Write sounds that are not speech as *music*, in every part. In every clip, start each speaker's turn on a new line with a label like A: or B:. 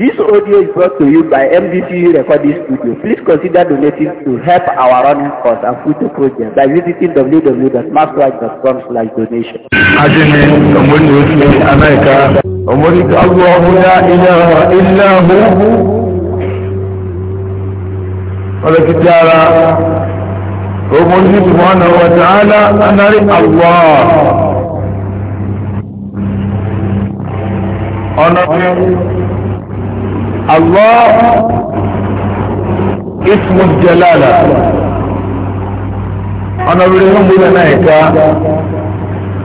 A: This audio is brought to you by MDCU Recording Studio. Please consider donating to help our running costs and future projects by visiting www.maxwatch.com slash donation. Ajini, Omori Osi, America, Omori Allahu la illa hu. Ọlọ́kì tí ara, Omori wa ta'ala, Anari Allah. Ọ̀nà الله اسم الجلالة أنا بريهم بلنائك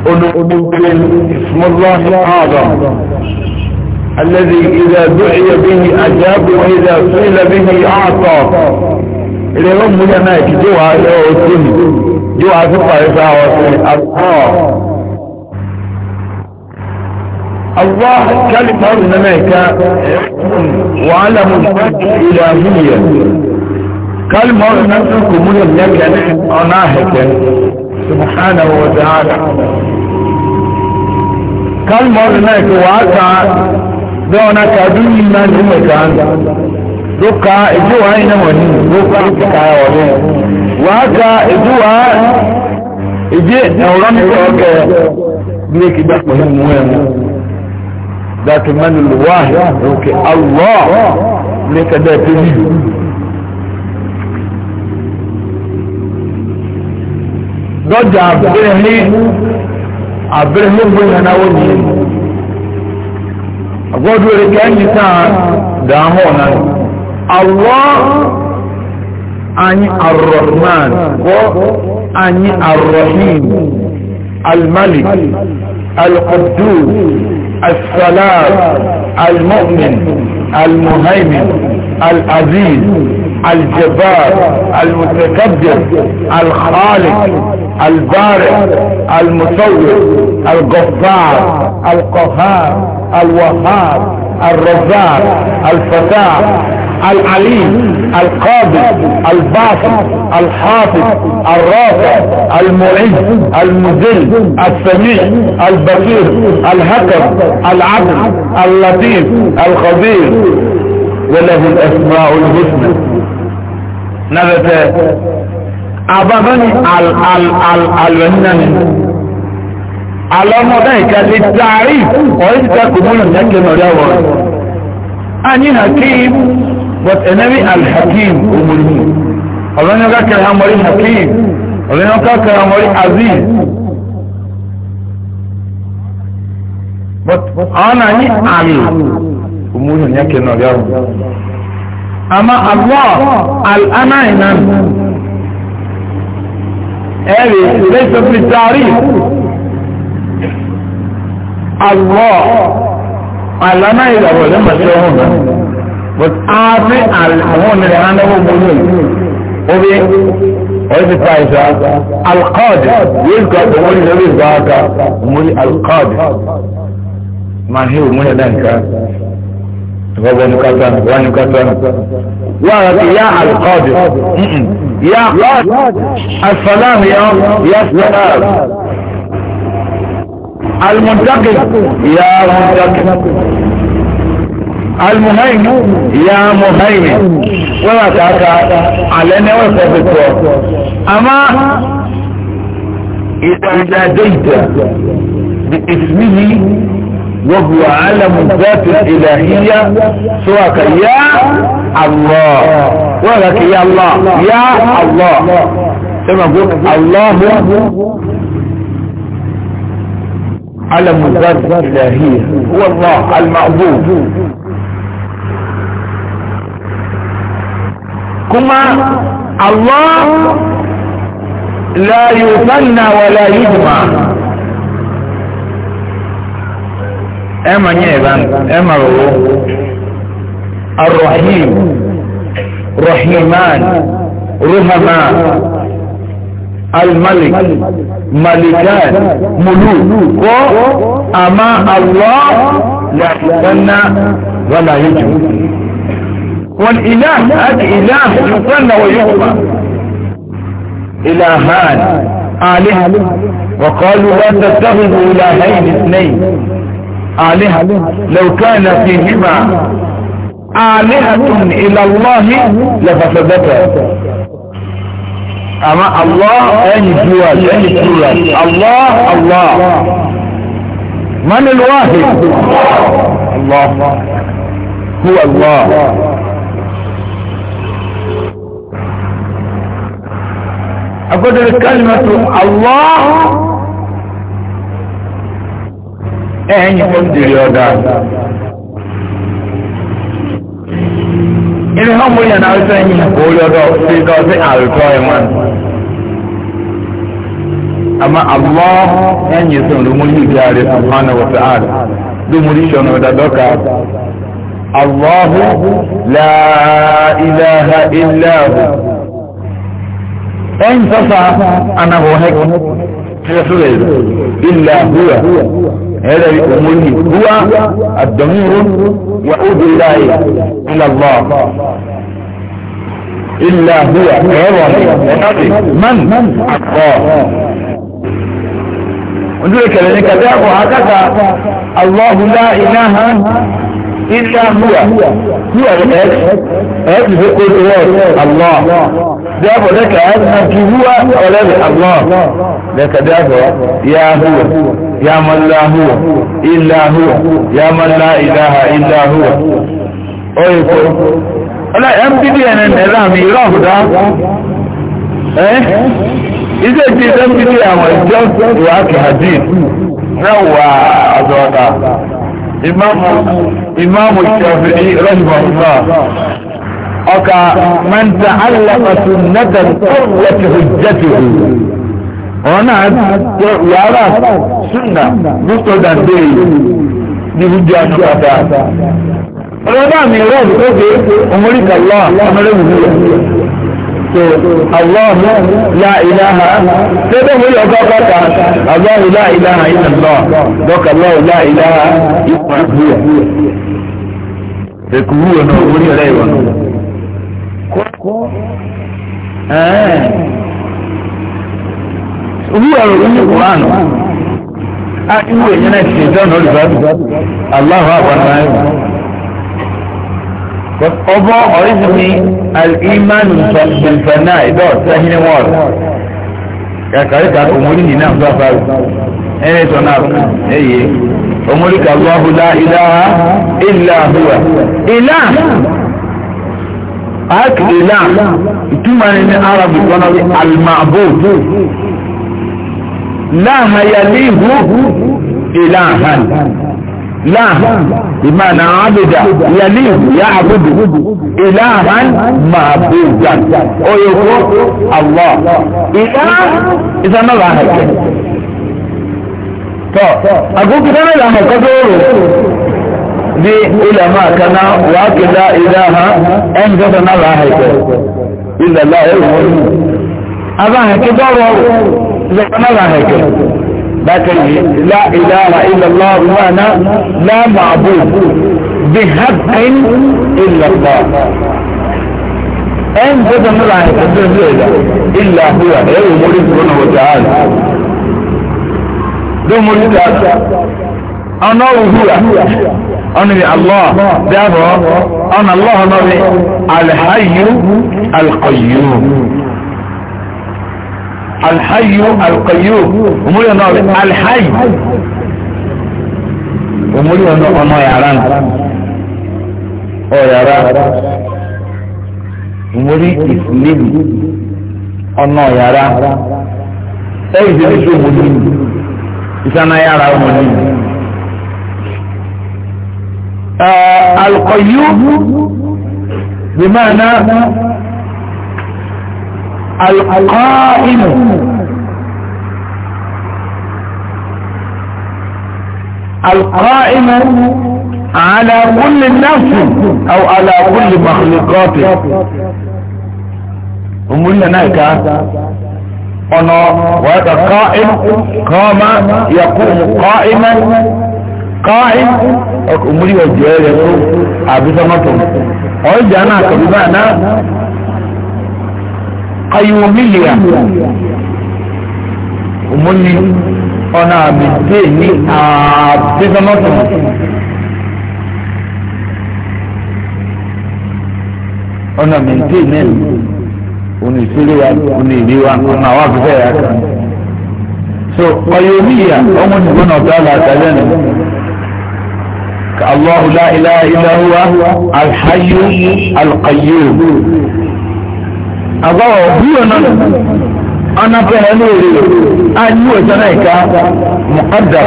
B: أنوبل اسم الله الأعظم الذي إذا
A: دعي به أجاب وإذا سئل به أعطى إليهم بلنائك جوعة أو السن جوعة فقه إسعى وسن الله الله كلمة هناك وعلم الإلهية كلمة هناك من هناك أناهك سبحانه وتعالى كلمة هناك وعطى دون كدوي من هو كان دوكا إجوا أين من دوكا إجوا
B: وعطى إجوا
A: إجوا نورانك أوكي بيكي بحمه المهم ذات من الواحد اوكي الله لك ده تجيب dọ́jà àbẹ̀rẹ̀ ní àbẹ̀rẹ̀ ní gbóyàn náwó ní àgbọ́dú rẹ̀ kẹ́yìn sáà dáhọ́ náà àwọ́ anyi arrahman ko anyi arrahim almalik alqaddus السلام المؤمن المهيمن العزيز الجبار المتكبر الخالق البارئ المصور الغفار القهار الوهاب الرزاق الفتاح العليم القادر الباطل الحافظ الرافع المعز المذل السميع البصير الهكر العدل اللطيف الخبير وله الاسماء الحسنى نبت ابغني ال ال ال alwannani
B: alamoda ikali taari oyi ta kumulu nyake nori awon
A: ani hakim but ẹnẹ́bí alhakim omori ọ̀lọ́yìn ọ̀ká kẹrẹ amọ̀rí hakim ọ̀lọ́yìn ọ̀ká kẹrẹ amọ̀rí aziz but àwọn náà ní àmì omori ọ̀nyá kẹrẹ náà yàrá àmà àlọ́ al'anáìnà ẹ̀rì lẹ́sọ̀fì tààrí
B: àlọ́ al'anáìnà wọ̀lẹ́mọ̀ṣẹ́ ọ̀hún náà but afe àwọn rẹ̀ hàn náwó mọ́lú obi ọdún fàìsà alkọ́ọ̀dì yóò kọ́ ọmọlú lórí ìgbà aka mọ́lú alkọ́ọ̀dì
A: máa hí òmúlẹ̀ náà nǹkan ìfọ̀bọ̀ ní kátà wà ní kátà wà á ti yá alkọ́ọ̀dì yá alkọ́ọ̀dì asalamu yá yá salamu almuntakin yá muntakin. المهيمن يا مهيمن ولا على علينا وصفتك اما اذا ناديت باسمه وهو علم الذات الالهية سواك يا الله ولك يا الله يا الله كما قلت الله علم الذات الالهية هو الله المعبود kuma Allah la yusanna wa la yujma ẹ ma nyẹ ẹ ban ẹ ma wo arrahim rahiman ruhama
B: almalik malikan mulu ko ama Allah la yusanna wa la yujma.
A: والإله هذا إله يقال ويقبع
B: إلهان آلهة وقالوا لا تتخذوا
A: إلهين اثنين آلهة لو كان فيهما
B: آلهة إلى الله لفسدتا
A: أما الله أين الجوال الله الله من الواحد الله هو الله agbọ́dọ̀ kalimatu allah ẹ̀yìn fún dìrì ọ̀dá inú hàn mú yàn náà sẹ́yìn orí ọ̀dọ̀ sí ìdọ́ sí àrùtọ́ ẹ̀wọ̀n
B: àmà allah ẹ̀yìn sọ ló mú yìí ààrẹ sùpánà wọ̀tí ààrẹ ló mú ríṣọ̀ náà dàdọ́ka allah la ilaha
A: illa hu
C: ẹ̀yìn sọ́sà anáwọ̀hẹ́ tẹ́sílẹ̀ ilẹ̀ àbúrà ẹ̀rẹ̀ ìmúni búwá àdọ̀míru wà ódò láàyè
A: ńlọ́gbà
B: ilẹ̀ àbúrà ẹ̀rọ̀ ẹ̀nàdì man àkọ́ ojú ìkẹlẹ̀ ní kàdé àkọ́ àkàkà allahulá
A: iná hàn إلا هو هو الأكس هذه كل واحد الله دافع لك أنك هو ولا الله لك دافع يا هو يا من لا هو إلا هو يا من لا إله إلا هو أيكم أنا أمبدي أن الإعلام يراه ده إيه إذا جيت أمبدي أمر الجنس وأكي حديث روى أزواجها imamu shafi'i rahimahullah ọka man ta'allama sunnatan qawlat hujjatuhu
B: ọ̀nà tó yàrá sunna gusto dan dey ni hujja nu kata
C: ọlọ́dà mi rẹ̀ lóge ọmọlẹ́kàlá ọmọlẹ́wùmí
A: الله لا إله تدوم يوقفك الله لا إله إلا
B: الله دوك الله لا إله إلا هو تكوه نوري ريوان
A: آه
C: هو رؤون القرآن آه هو ينسي جون الله أكبر
A: but ọbọ ọrịsịmị al'iman nsọmfẹ̀nà ìbọ̀ sẹ́hìnì wọ́ọ̀rù kàkàrí kà òmòrì nì náà sọ àfáàrù ẹni sọ náà ẹyẹ òmòrì kà lọ́hù lá ìlàhà ìlàhùwà ìlà ak ìlà ìtumọ̀ ní ní arabu kọ́nà bí almabo láhàyà líhu ìlàhàn لا بمعنى عبد يليه يعبد إلها معبودا ويقول الله إله إذا ما راحت to agogo tana da haka doro
B: bi ulama kana wa kida ilaha en gada na la haike illa la ilaha
A: aba haka doro da kana la haike لكن لا إله إلا الله وأنا لا معبود بحق إلا الله ان بدأ الله يقدر إلا هو غير إيه أمور سبحانه وتعالى دون إيه مريد أنا هو أنا الله دابا
B: أنا الله نبي الحي القيوم
C: الحي القيوم ومولي نوبي الحي
B: ومولي نوبي ياران
A: او ياران ومولي اسلم ọ̀nà yàrá ẹ̀yìn tí ní sọ òmùdí ìsáná yàrá òmùdí alkọ̀yú bí máa ná القائم القائم على كل الناس او على كل مخلوقاته ومن نايكا انا وهذا قائم قام يقوم قائما قائم امري وجهه يقول ابي سمعتم قال جانا كبيرنا qayumiyya umuni ọ̀nà àbìdé ní àbísọ́mọ́tò
B: ọ̀nà àbìdé náà
A: òní ìṣẹ̀lẹ̀ wa òní ìlú wa ọ̀nà àwọn àbúfẹ́ yà kan
B: so qayumiyya ọmọ nìkan náà bá làtàlẹ́ nù. الله لا إله إلا هو الحي القيوم
A: agbawo biyo nan ana fɛ ɛnu ere a ni o sɛnɛ yi ka mukada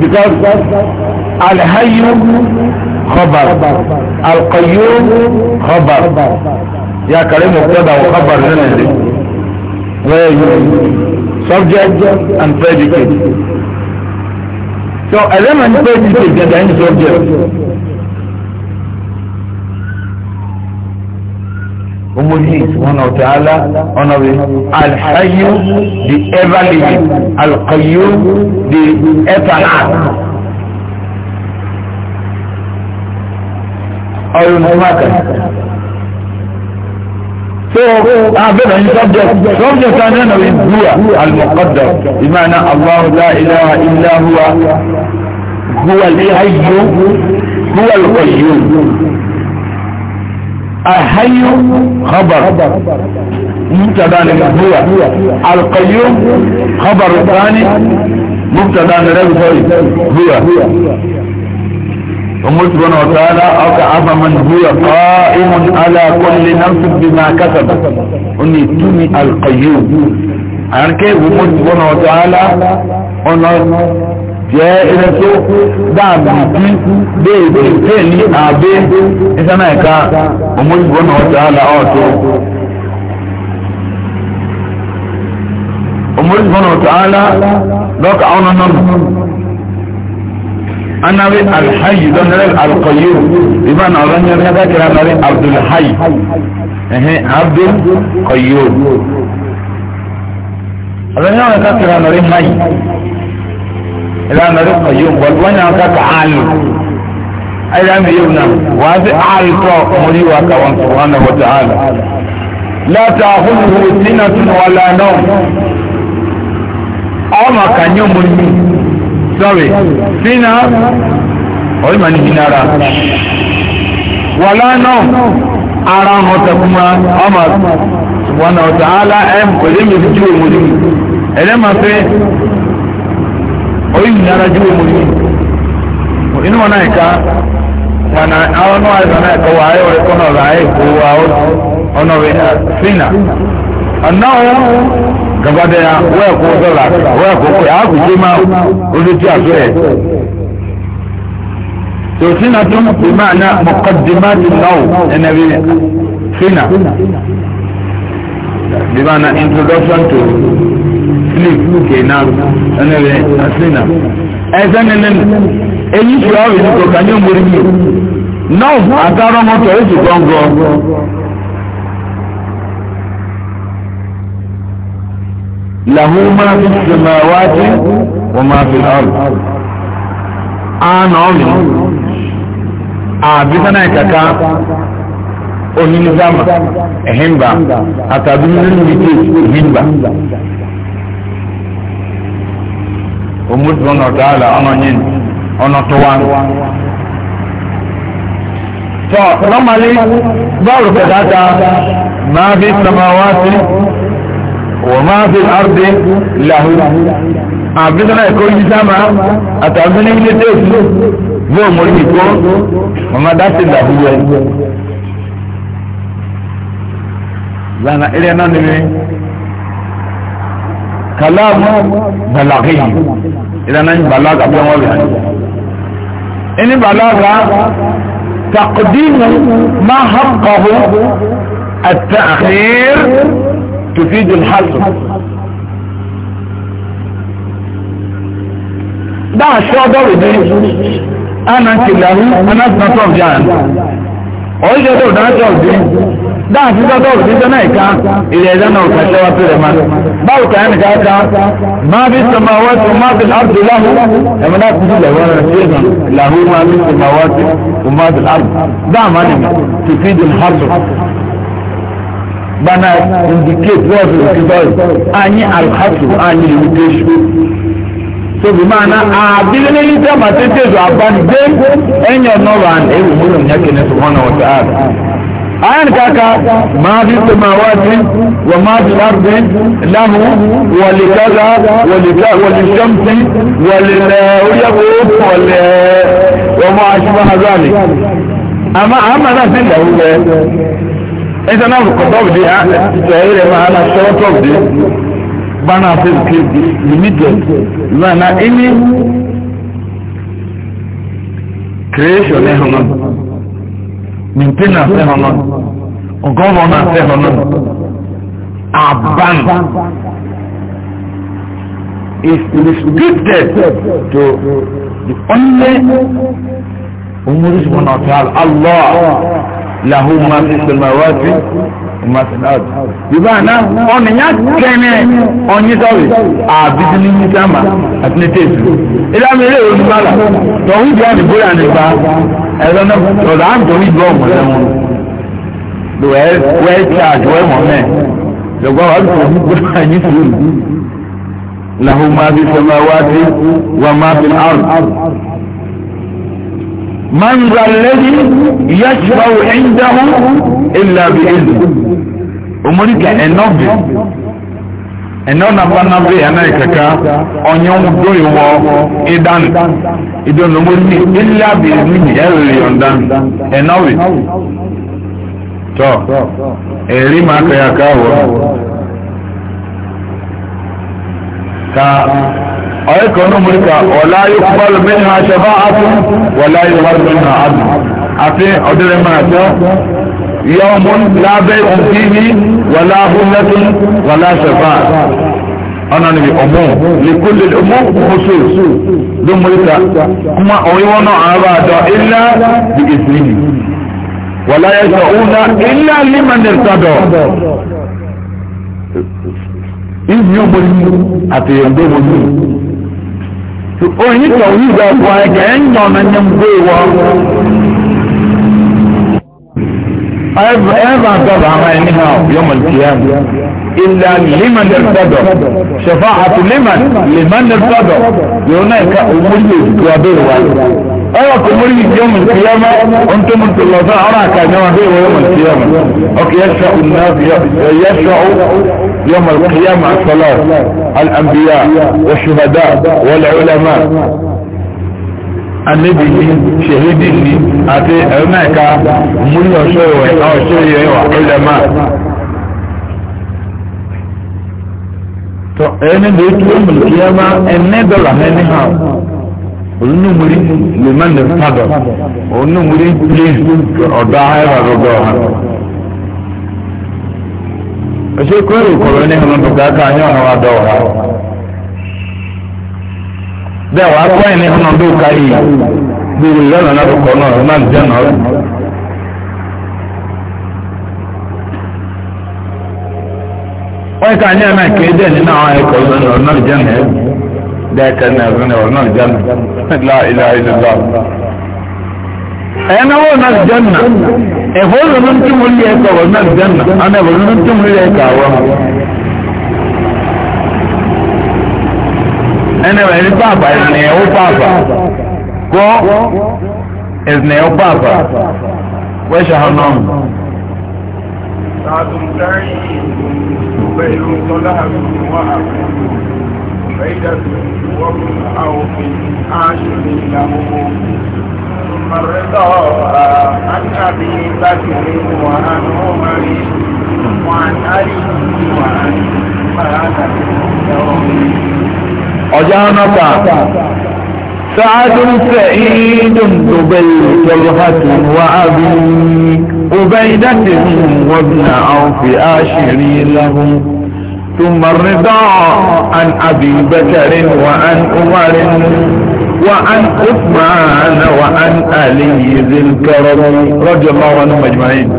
A: because alihayu kɔbar alikayu kɔbar yakari mukada o kɔbar nana yi wɛɛ yi subject and predicate so ɛlɛmɛ ni predicate gɛgɛ ni subject. Omodi subhanahu wa ta'ala ọ̀nà rẹ̀ Al-Hayyu the ever living Al-Qayyum the eternal. Ọ̀rọ̀ ní Maka. So abẹ́rẹ́ ní subject subject ta nínú rẹ̀ Buwa Al-Muqaddar ìmáàna Allah la ilaha illa huwa huwa Al-Hayyu huwa Al-Qayyum.
B: الحي خبر مبتدا
A: هو القيوم خبر الثاني مبتدا هو ومن سبحانه وتعالى أوكى من هو قائم على كل نفس بما كسبت أني تمي القيوم أنك ومن سبحانه وتعالى أنه jẹ́ ilé tó dàbí bí èdè pé ní àbí ìsáná ẹ̀ka ọmọdébọ̀ náà ọ̀tá àlà ọ̀tọ̀ ọmọdébọ̀ náà ọ̀tá àlà lọ́kà ọ̀nà náà anabi alhaji dɔnɛrɛ alkɔyir iba na ɔlɔ nyɛ nyɛ kakira nari abdulhaji ɛhɛn abdul kɔyir ɔlɔ nyɛ kakira nari ìlànà rẹ̀ kọ̀ yóò wọ́n wọ́n yàn kàkà àlù ayélujára mi yóò nà wọ́n á sì àlù tọ́ mọ́rí wa kà wọ́n wọ́n nà wọ́n ti àlù. láti àhùnwò sínú àtúnú wa lànà ọmọ kànyọ́ mọ́ ní sọ́rí sínú ọ̀rẹ́ màá ní bí nára wà lànà ara hàn takuma ọmọ wọn nà ọ̀tá àlà ẹ̀ pẹ̀lú mi fi jú òmùdí ẹ̀rẹ́ máa fẹ́ oyin nara ju wo
B: yi inu wọn náà ka tana àwọn náà àìsàn náà kọ wà áyọ rẹ kọ́nà ọ̀rọ̀ ayé kó wà ó ọ̀nà rẹ fínà ọ̀nà
A: wọn gabadẹ ya wẹ́ẹ̀kú dọ́là wẹ́ẹ̀kú pé àgùjẹ́ máa olú tí a sọ yẹ. تلسنة بمعنى مقدمات النوم النبي سنة
B: بمعنى introduction to ilé ìlú kẹ̀ẹ́nà ẹni rẹ̀ àṣìnà
A: ẹ̀sẹ̀ nílẹ̀ èyí ṣe ọ̀rọ̀ ìdúkọ̀ kàní òmòrí mi náà àtàrọ̀
B: mọ́tò èsì gbọ́ngọ́
C: lahu ma fi samawati wa ma fi al-ard
A: ana omi àbí sánà ìkàkà
B: onínúzàmà ẹ̀hìnbà àtàbí nínú ìdí ìhìnbà
A: omúdùn ọ̀nà ọ̀tàlà ọ̀nà yín ọ̀nà tó wá. tọ́ nọ́màlì bọ́ọ̀lù pẹ̀dáta máa fi sọmọwá sí
B: wọ́n máa fi àrùdé làhù àbísọ́nà ẹ̀kọ́ yìí sáma
A: àtàwọn ní ilé tẹ́ẹ̀sì yóò mọ̀ ní ìkó mọ̀mọ́ dáṣì làhù yẹ. lana ilé náà nìyẹn
B: kàlámù bàlàkì yìí ìlànà yìí bàlágà bí wọ́n rìn
A: ẹni bàlágà
B: tàkùdínú
A: máa hàkọ̀hó àtàkìr tùfíjì hàlù
B: dáa ṣọ́dọ̀ rẹ̀ dé ana kìlà hù anásínátọ̀ jàn ọ̀yẹ́dọ̀ dájọ́ dé dáàsì sọ́dọ̀ òṣìṣẹ́ náà ìka ilẹ̀ ẹ̀dá náà òkà ṣẹ́wà
A: tó rẹ̀ máa báwo kàá ní káàkà máa fi sọmọ àwọn tó máa fi láàbù láhù ẹ̀mọ́ náà kú sí lẹ̀wọ́n rẹ̀ sí ẹ̀sán làhù máa fi sọmọ àwọn tó kò máa fi láàbù dáàmà nìyí tó fi dùn hàbù. bana indicate lọ́ọ̀sì òkìtọ́ọ̀sì anyi alhassu anyi limitation sobi maana aabilini lita matetezo abani de enyo novan ewu mulu nyakene subhanahu wa ta'ala ayan kaka ma fi samawati wa ma fi ardi lahu wa li kaza wa li kaza wa li shamsi wa li yaqut wa li wa ma ashbaha zalik ama ama na sin da hu ita na ko tawdi a tsayire ma ana shawa tawdi bana fi limited na ini creation ne hanan mintena fẹ́ hàn náà gọ́vọ̀nà fẹ́ hàn náà aban is restricted to the only umuru subhanahu wa ta'ala allah
B: lahu ma fi samawati
A: masinad yorùbá àná ọ̀nìyàn kẹ́ni ọ̀nyin sọ̀rọ̀ àbísí ní nísàmà àti ní tẹ̀sù ìlànà eré ìròyìn bàlà tọ̀hún bí ọ̀nì bóyá nípa ẹ̀rọ náà tọ̀dọ̀ à ń tọ̀hún ìgbọ́ ọ̀mọ̀
B: lẹ́wọ̀n wẹ́ẹ́ ṣáàjì wẹ́ẹ́ mọ̀ mẹ́ẹ̀ lọ́gbọ́n wà lóko ọ̀hún gbọ́dọ̀ àyín sùúrù lahu ma fi samawati wa ma fi al-ard
A: من ذا الذي يشفع عنده إلا بإذنه omorika ɛnɔbi ɛnɔnaba nabe anayi kaka ɔnyɔnwudo iwɔ idan idan omorika ilabi nwunyi ɛrere yɔndan ɛnɔbi tɔ ɛri ma akayaka wɔ ka ɔyɛ ka ɔno omorika ɔla yɔkubalu minha sɛba ato wɔla yɔkubalu minha ato ate ɔdere ma ata. يوم لا بيع فيه ولا هلة ولا شفاعة أنا نبي أمور لكل الأمور خصوص ثم كما أعيونا عبادة إلا بإذنه ولا يشاءون إلا لمن ارتدى إذ يبني أتيندبني oyin tọ̀wí ìgbà ọkọ̀ ẹ̀kẹ́ ń yọ̀nà nyẹ́ mgbé wọn
B: ايضا تضع عينها يوم القيامة الا لمن ارتدى شفاعة لمن لمن ارتدى هناك
A: امري واحد او أيوة، كمري يوم القيامة انتم انتم الله تعالى كان يوم القيامة يوم القيامة اوكي يشفع الناس يشفع يوم القيامة الصلاة الانبياء والشهداء والعلماء anabi ni ṣehidi ni àti ẹ̀rọmẹ́ka múlí ọ̀ṣọ́ ìwẹ̀ ọ̀ṣọ́ ìyẹ̀ wà ọ̀lẹ̀ máa. tọ ẹni lè tu ọmọ ìyá máa ẹnẹ dọ́là ẹni hàn onumuri leman le padọ onumuri le ọdọ ahẹ́rọ àdọ́dọ́ ha. ẹ̀ṣẹ̀ kúrò ìkọ̀rọ̀ ẹni hàn ọ̀dọ̀ kàkà ẹ̀yọ́ ọ̀nà wa dọ̀ ha bẹ́ẹ̀ wàá kọ́ ẹni ọ̀nà ọdún káyé gbèrè lọ́nà náà kọ́ náà ọ̀nà àdìjẹ́ náà rẹ̀. wọ́n ká ní ẹ̀mẹ́ kéde nínú àwọn ẹ̀kọ́ ìlànà ọ̀nà àdìjẹ́ náà rẹ̀ dẹ́ẹ̀kẹ́ náà rẹ̀ ọ̀nà àdìjẹ́ náà láìlá ìlúlá. ẹ̀yẹ́ náà wọ́n náà àdìjẹ́ náà ẹ̀fọ́ ìlànà tí mo lé ẹ̀kọ́ ọ̀nà àdìjẹ́ náà
B: ẹnẹ wẹ ní pàpà ìsìnìyàwó pàpà kó
A: ìsìnìyàwó pàpà
B: wẹ́ṣẹ̀ hàn náà. Sàtùn dárí pẹ̀lú
A: tọ́lá àrùn wà àrùn fẹ́dàtù wọ́pùn àwòfin áṣù ní ìlàmúwò. Mọ̀rẹ́tọ̀ àtàbí bákìrí wà ánú mọ́rí wà ánárì wà ánú
B: mọ́rí
A: أجانبا سعد سعيد دبي طلحة وأبي أبيدة وابن عوف آشري له ثم الرضا عن أبي بكر وعن عمر وعن عثمان وعن علي ذي الكرم رضي الله عنهم أجمعين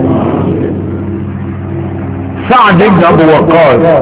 A: سعد بن أبو وقاص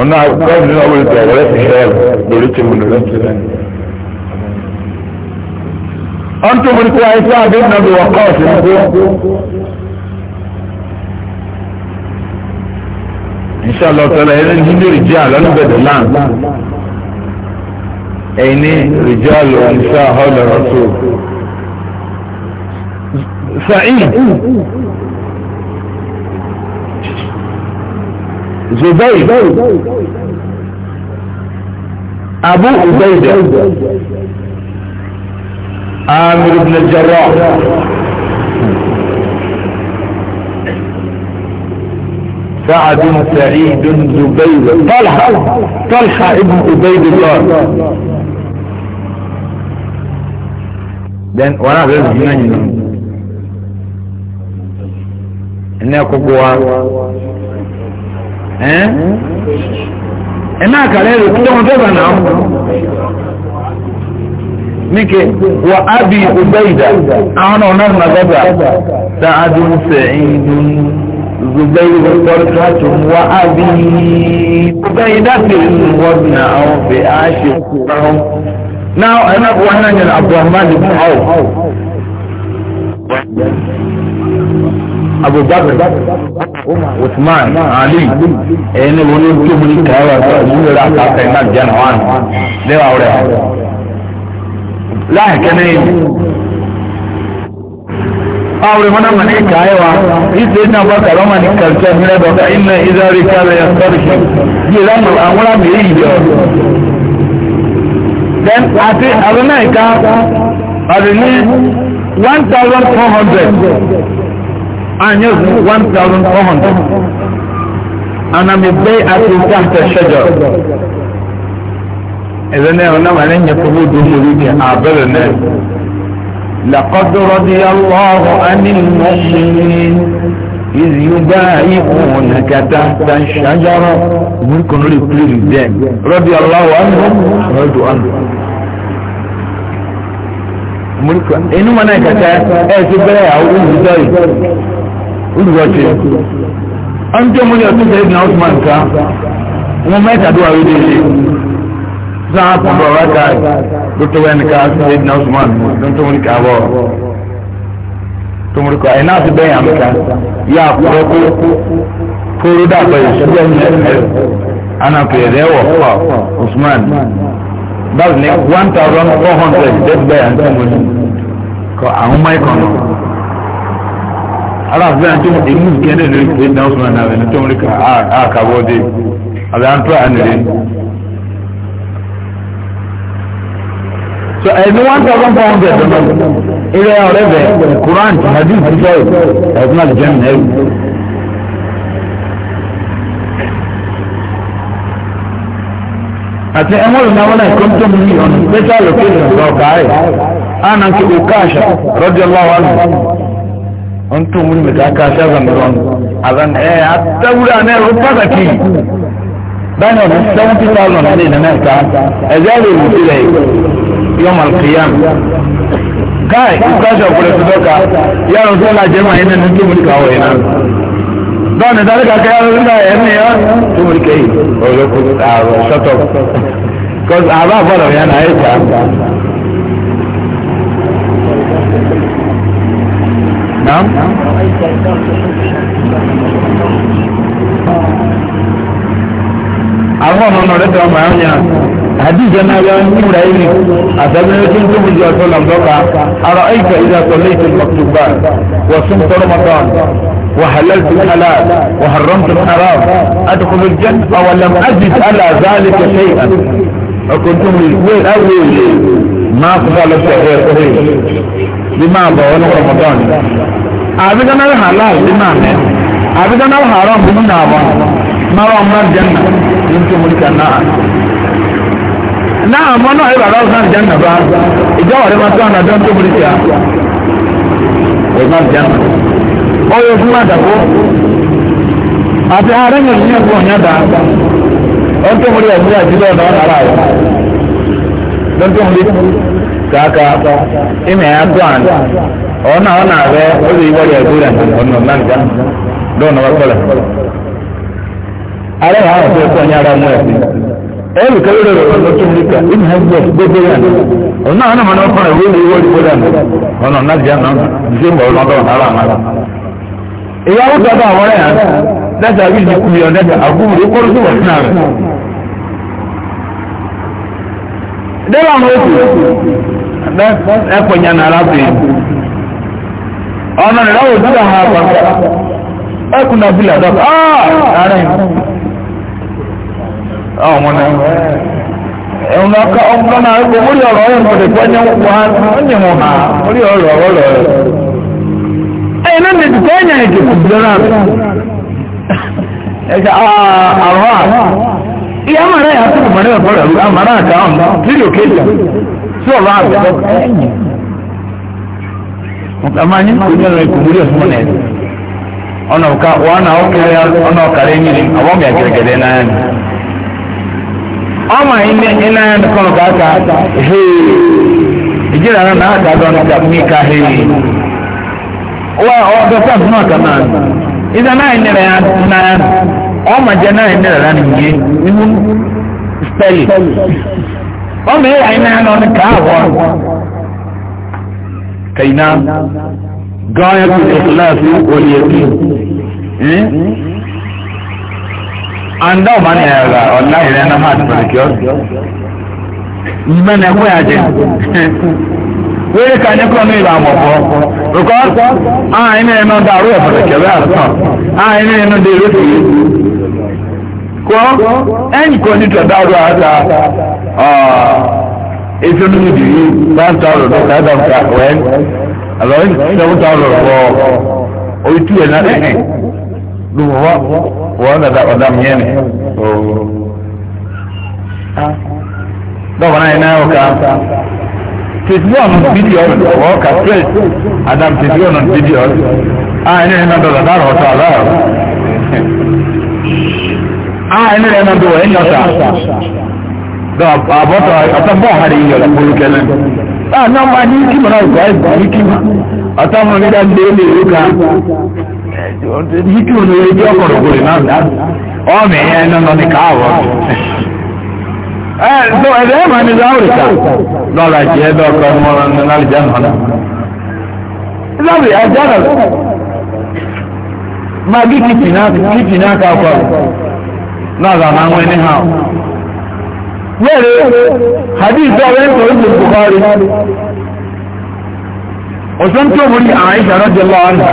A: ọ̀nà àgbà nínú ọmọ ìgbà ọ̀rẹ́ ti ṣe ẹ̀rọ lórí ti mú lórí ti rẹ̀. ọ̀n tó múlùkù àìsàn àbí nàbí wọ̀ kọ́ọ̀sì nígbó. ìṣàlọ̀ tọ́lá ẹni nínú ìjẹ́ àlọ́nù bẹ̀dẹ̀ náà ẹni ìjẹ́ àlọ́ ìṣàhọ́lẹ̀ rọ́tò. sa'id زبيد أبو عبيدة عامر بن الجراح
B: سعد سعيد زبيد طلحة طلحة ابن عبيد الله
A: dan wana zai zunanyi ne ne kubuwa
B: ẹ náà rẹ̀ kí wọ́n na bà
A: nike wa abi ubaida àwọn ọ̀nà nàgọ́bà sáàdù sẹ̀yìndù zubairu kọ́lùkàtù wa abi
B: ubaida fèrè wọ́n na àwọn fẹ́ àṣẹ kúrọ̀ náà wọ́n náà yẹn abdulhamid
A: abubakar usman ali ẹni wọn ní tóbi ní kẹrẹ ọsọ ìmúlẹ rẹ àkàtà iná jẹun wọn lẹwà rẹ láì kẹne awure mana mani kayewa ise ina baka roma ni kalta mire baka inna izari kala ya sarki ji ramu amura mi yi yo then ati abuna ka abini 1400 annuals 1400 and I'm a bay at the Dr. إذا نحن نحن يقول دمولين عبرنا لقد رضي الله عن المؤمنين إذ يبايعونك تحت الشجرة ممكن نقول رضي الله عنهم رضوا عنهم ممكن إنه نكتب تحت أجباء أو أجباء olùwọ́tí ọ̀n tí ó múlẹ̀ ọ̀tún sẹ́yìn náà ọ̀tún ká wọn mẹ́tàdúrà rí dé ṣe sáà pọ̀lọ̀ rákà dókítà wẹ́n ká sẹ́yìn náà ọ̀tún tó ń tó múlẹ̀ káàbọ̀ tó múlẹ̀ kọ́ ẹ̀ náà ti bẹ́yìn àmì ká yá àpòrọ̀ kó kóró dàgbà ìṣúgbẹ́ mẹ́rin anapẹ̀ rẹ̀ wọ̀ fà usman báwo ni one thousand four hundred dẹ́gbẹ̀ẹ́ àti aláàfin àti ìlú kẹ́ndẹ̀ lórí pé náà sọ̀rọ̀ náà rẹ̀ a orí àkàwọ́ dé a ànìrè.
B: so ẹni one thousand four hundred ọ̀nà ilé ọ̀rẹ́ bẹ̀ quran hadith ṣiṣẹ́ ẹ̀sìn àti jẹ́mi náà ẹ̀wù. àti ẹ̀wọ̀n ló náà wọ́n náà kọ́ tó mú ní ọ̀nà special location lọ́ọ̀ká ẹ̀ ànà o òkàṣà rọ́jọ́ lọ́wọ́ àná
A: an to mun mai ta ka sha zangaron a zan eh a taura ne rufa da ki
B: dan ne 70000 ne da nan ta azali mutile yawm al-qiyam kai ka sha kure su doka ya rasu la
A: jama'a yana nan to mun kawo yana dan da daga ka ya rasu da yana ya to mun kai ko ko ta shut up
B: cuz aba fara yana aika نعم اللهم انا ردنا ما يعني حديث انا يا ابراهيم اذن لي كنت من جاءت لهم دوكا ارايت اذا صليت المكتوبات
A: وصمت رمضان وحللت الحلال وحرمت الحرام ادخل الجنة ولم اجد على ذلك شيئا وكنت من اول ما فعلت شيئا
C: bí máa bọ̀ ọ́ lọ́wọ́ ramadan
B: àbíkaná rẹ̀ halal bí máa mẹ́
A: àbíkaná rẹ̀ haram bí múnà àwọn mara ọmọ jẹ́nà ní tó mú níkà náà náà mọ́ náà ìbàdàn ọ̀sán jẹ́nà bá ìjọba rẹ̀ máa tó àná dán tó mú níkà ọ̀sán jẹ́nà ó yẹ fún àdàkó àti ààrẹ yẹn ní ẹ̀kọ́ ọ̀nyá dáa
B: ó tó mú níkà ìjọba ọ̀dọ́ ọ̀nà ara rẹ̀ lọ́n tó mú níkà kaka ime ya tuan ona ona be ozi ibo ya gura ni ono nanga do na wakola
A: ara ha o se ko nyara mu e e mi kalo ro no tumika in ha je de de ya ona ona mana ko ro ni wo ibo dan ono na ja na je mo lo do na la ma
B: iya o da ba wore ya da da wi ni ku yo da agu ri ko ro so na
A: dẹ́wà ní òkú ẹ̀kọ̀nyà náà rábìn ọ̀nà ìlàwò ìdúrà ha àpapọ̀ ẹkùn náà bílẹ̀ dọ́kọ̀ ààrẹ
B: ọmọ náà ẹ̀hùn náà ká ọmọ náà ẹgbẹ̀ orí ọ̀rọ̀ ọ̀rọ̀ ìpàdé pọ̀ ẹ̀yẹ wọn ha orí ọ̀rọ̀ ọ̀rọ̀ rẹ̀
A: ẹ̀yìn náà lè dùkọ́ ẹ̀yà ẹ̀jẹ̀ kò bí lọ́nà ẹ̀ka àrọ́ àrọ́
B: ìyá a yà ya màrá yà sọ̀rọ̀ ẹ̀rú àmàrá àkà ọ̀n tírí òkè ìjà sí ọ̀rọ̀ àgbẹ̀
A: ọ̀kàmá ní kò ní ọ̀rọ̀ ìkùnmúrí ọ̀sùnmọ̀ náà
B: ọ̀nà ọ̀ka wọn ọ̀kẹ́rẹ́ ọ̀nà ọ̀kàrẹ́ ẹ̀yìn àwọn ọ̀gá gẹ̀gẹ̀dẹ̀
A: náà ni ọmọ ọmọ jẹ náà ẹni rẹ̀ lánàá nìyẹn nínú spẹ́lì ọmọ ẹ̀yà iná ẹ̀ náà ní káàwọ́ kẹ̀yìnà gáyà tó ṣe kíláàsì olè ẹ̀kí àndá ọmọ ni ẹ̀rọ ọ̀la ìrẹ́ náà máa ti pẹ̀lú kí ọ́ mẹ́nà ẹ̀kọ́ yà jẹ́ wéèrè ká ní kúrò ní ìlà àmọ̀pọ̀ because àìní ẹ̀nà dàrú ẹ̀fọ̀lẹ̀kẹ̀lẹ̀ àtọ̀ àìní ẹ̀nà dèrè fìyè kọ́ ẹ̀yìn kan ní tọ̀dáàrọ̀ àta
B: ètò nínú ìdìrí one thousand ní five thousand wẹ́n àlọ́yìn seven thousand fọ́
A: orí tú ẹ̀ náà ẹ̀hìn ló wọ́ wọ́n dàda ọ̀dà mìíràn dọ́wọ́n náà yẹn náà yọ̀ ká
B: tètè ọ̀nà bídìí ọ̀rọ̀ ọ̀ ká straight adam tètè ọ̀nà bídìí ọ̀rọ̀
A: ah ẹni ẹni náà dọ̀dọ̀ dáàrọ̀ ọ̀tọ̀ àlọ́
B: a ẹni rẹ̀ náà dùwọ̀ ẹni ọ̀sà
A: àbọ̀tọ̀ àtọ́bọ̀ àhárí ìyọ̀lọ̀ polúkẹ́ náà báà náà máa ní kí mọ̀nà ọ̀gá ẹ̀gbọ́n ní kí mọ̀ ọ̀tọ́ fún mi dáa lé lè rúkà
B: yíkí òun lè jẹ́ ọkọ̀ ògùnrin náà ọmọ ẹ̀yẹ ẹ̀nà náà ní káàwọ̀ ẹ̀ẹ́dọ́ ẹ̀dẹ́ ẹ̀mà ní záwùrìkà lọ́ra jẹ́ ẹ̀dọ́ ọkọ̀ ọmọ ọ̀rọ̀ náà lè jẹ́ nà
A: magi kìtì náà kìtì náà kà ọkọ̀ náà na àwọn ẹni hàn. Wẹ́rẹ̀ hadith ọ̀rẹ́ ń sọ ìgbè Bukhari. Òṣùn tó mú ní Àìṣà rọ́jẹ́ lọ́ọ̀nà.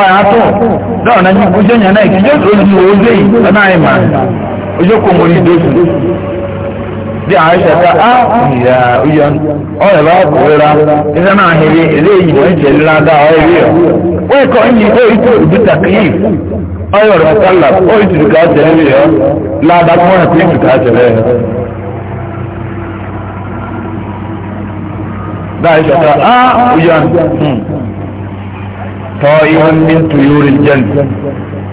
B: Ọ̀yà tó dọ́ọ̀ na yíkú jẹ́yàn náà kìí jẹ́ òṣù òwúzẹ́ yìí lọ́nà àìmà. Ojókòó mú ní Dóṣù di aisha ta a ah, ya uyan ọrẹ bá kúrera iṣẹ náà hìrì eléyìí ló ń jẹ ńláńdá ọrẹ
A: rí ọ wọn kọ ń yí orí tó ìdú takìlì ọrẹ ọrẹ sálà orí tó ìdúkà jẹrẹ rí ọ ládàá kí wọn kú ìdúkà jẹrẹ rí ọ. da aisha ta a uyan
B: tọ́ ihun ní
A: tuyúrin jẹun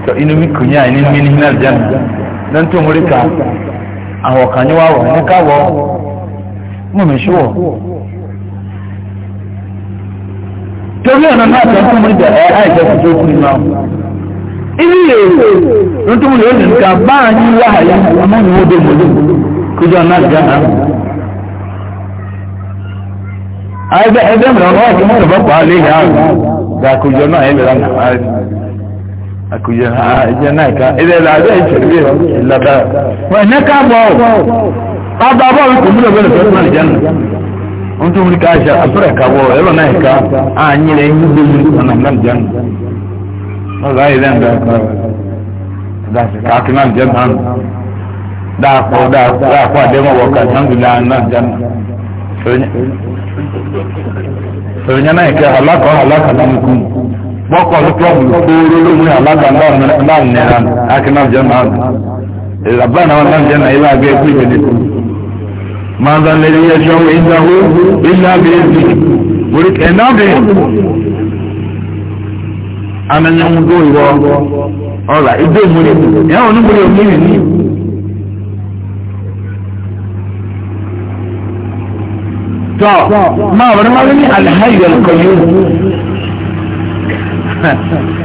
A: tọ́ inú mi kùnyà ní mímí ní àwọn kan níwá wọ̀ níkàwọ́ mọ̀mẹ́síwọ̀ torí ọ̀nà náà
B: tó ń tún mú ìjà ẹ̀ àìjẹ́ kò tó kú nínú àwọn.
A: ilé ìwé ló tún lè ní ká bá a ní wáhàyè ọmọ ìwé òde mọ́lẹ́ kójú ọ̀nà àjá náà.
C: ẹgbẹ́ mìíràn wọ́n ti mú ìrọ̀bọ̀ á lé ìyá àgbà kójú ọ̀nà ẹ̀mìíràn náà
A: akuya ha ah, je na ka ile la je chirwe la da wa na ka bo ba ba bo ko mu le ko na janna on to mu ka sha afra ka bo e na ka a nyi le nyi bu na na janna ma za ile nda ka da ka ka na janna da ko da da ko de mo wo ka alhamdulillah na janna
B: so nya na ka halaka halaka na mu bọ́kọ̀ ní pọ́ọ̀bù kúrú lómi alágbàndà náà nìyà na jẹ́nà àdù ìlàbá náà náà jẹ́nà ilé àgbẹ̀ ẹ̀kú ìgbèdè kú.
A: máa ń dán lé iye ṣọ́ ìdáwó ilé àgbẹ̀ ẹ̀kú orí ẹ̀dá bẹ̀ ananyanwu tó ìwọ ọ̀rà ìdó ìmúlẹ̀ ìyá òní múlẹ̀ òmìnir ní. tọ́ máa wọ́n máa ń ní alhaji alkọ̀yọ́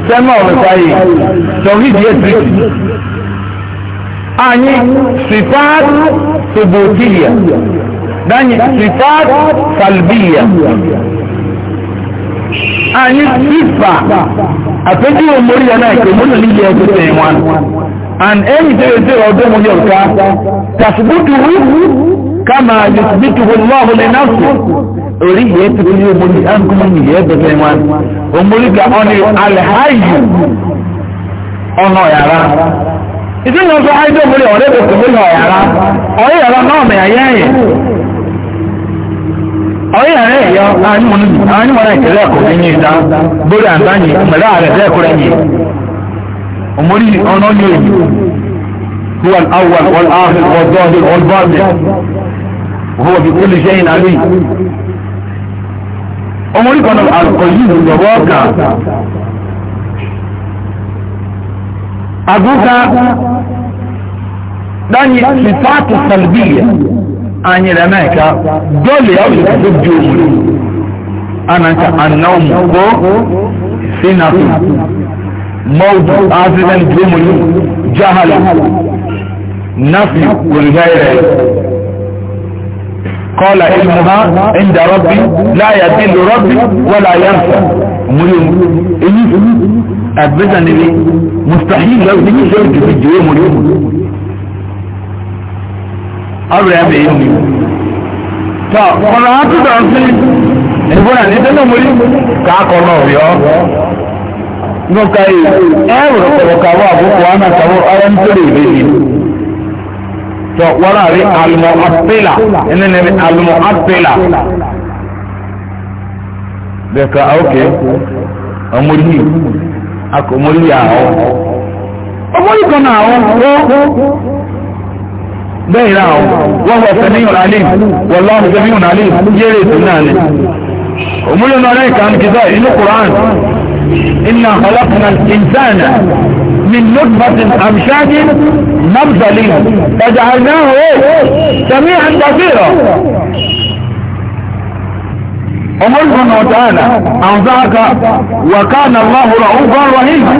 A: sẹ́mọ̀ ọ̀rẹ́ta yìí sọ̀rí díẹ̀ tìrìtì anyi sifat subutiya danyi sifat salbiya anyi sifa àpéjú omori yẹn náà ìkè múlò níyẹ ẹgbẹ́ sẹ́yìn wọn and ẹ̀yìn tí yóò tẹ̀rọ ọdún múlò ká tàṣubútu kama yóò tẹ̀rọ ọdún múlò náà orí yẹ ti fi ní omori ankuma ní yẹ bẹ̀rẹ̀ wọn omori ka ọ̀nà alẹ́háyù ọ̀nà yàrá ìdí wọn sọ ájú omori ọ̀rẹ́ bẹ̀ kò mílọ̀ yàrá ọ̀rẹ́ yàrá náà mẹ̀ ayé ẹ̀yẹ ọ̀rẹ́ yàrá ẹ̀yọ anyimọ̀nà ìkẹlẹ̀ ẹ̀kọ́ ní yìí dá bórí àǹtáyì mẹ̀rẹ́ àrẹ̀ dẹ́kùrẹ́ yìí omori ọ̀nà ní òyìn هو الأول والآخر والظاهر والباطن
B: وهو بكل شيء عليم ọmọ orí kan náà àkọ́ yìí lọ́wọ́ ọ̀gá
A: àgùkà
B: dányi sifaatu
A: salbiya anyere mẹ́ka dọ́lẹ̀ ọ̀lẹ̀ tó ju òmùrè anaka anáwọ̀mù kó sínàtù mọ́ọ̀dù azizan tó mú jahala nafi wọ̀lgáyẹrẹ قال علمها عند ربي لا يدل ربي ولا ينفع مريم
B: إني
A: أبدا مستحيل لو تجي زوجي في الجوية مريم أبدا يا بيومي فقرأت دعسي ìbúra ní tẹ́lẹ̀ mú rí káàkọ́ náà rí ọ́
B: nípa ẹ̀rọ ọ̀pọ̀lọpọ̀ àwọn àbúkù wọn àtàwọn ọ̀rọ̀ nítorí ìbéèrè to warare almu'attila ina ne almu'attila
A: da ka auke amurhi aka amurhi a hau
C: amurhi kan a hau ko oh,
B: oh.
A: bẹ́ẹ̀ ra ọ̀ oh. wọ́n wọ́n sẹ́mi ìrànlẹ́ wọ́n lọ́wọ́ sẹ́mi ìrànlẹ́ yẹ́rẹ́ ìtúnáà ni òmúlò náà rẹ̀ kàn kìtọ́ inú kùránì
C: إنا خلقنا
A: الإنسان من نطفة أمشاج مبزلين فجعلناه سميعا بصيرا سبحانه وتعالى أنزعك وكان الله رعوفا رحيما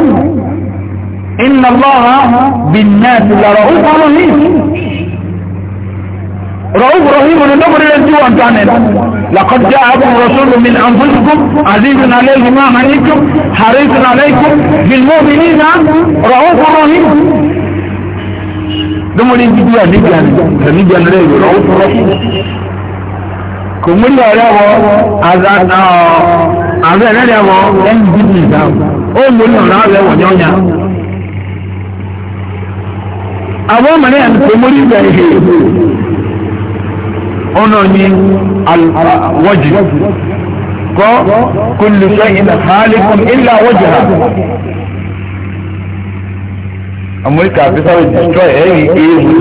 A: إن الله بالناس لرعوفا رحيما رؤوف رحيم لنبر ينجو أن تعنين لقد جاء أبو رسول من أنفسكم عزيز عليه ما عنيتم
B: حريص عليكم بالمؤمنين رؤوف رحيم
A: دمو لنجي يا نجان نجي أن رأيه رؤوف رحيم كمولي أريابو أذان أذان أريابو أنجي نجان أو مولي أريابو ونيونيا أبو مني أن كمولي بأيه ọ̀nà ní wọ́jù kọ́ kúlù sẹ́yìn hálíkùn ilá wọ́jù ha amurka fi sáré destroy ẹ̀rí ewu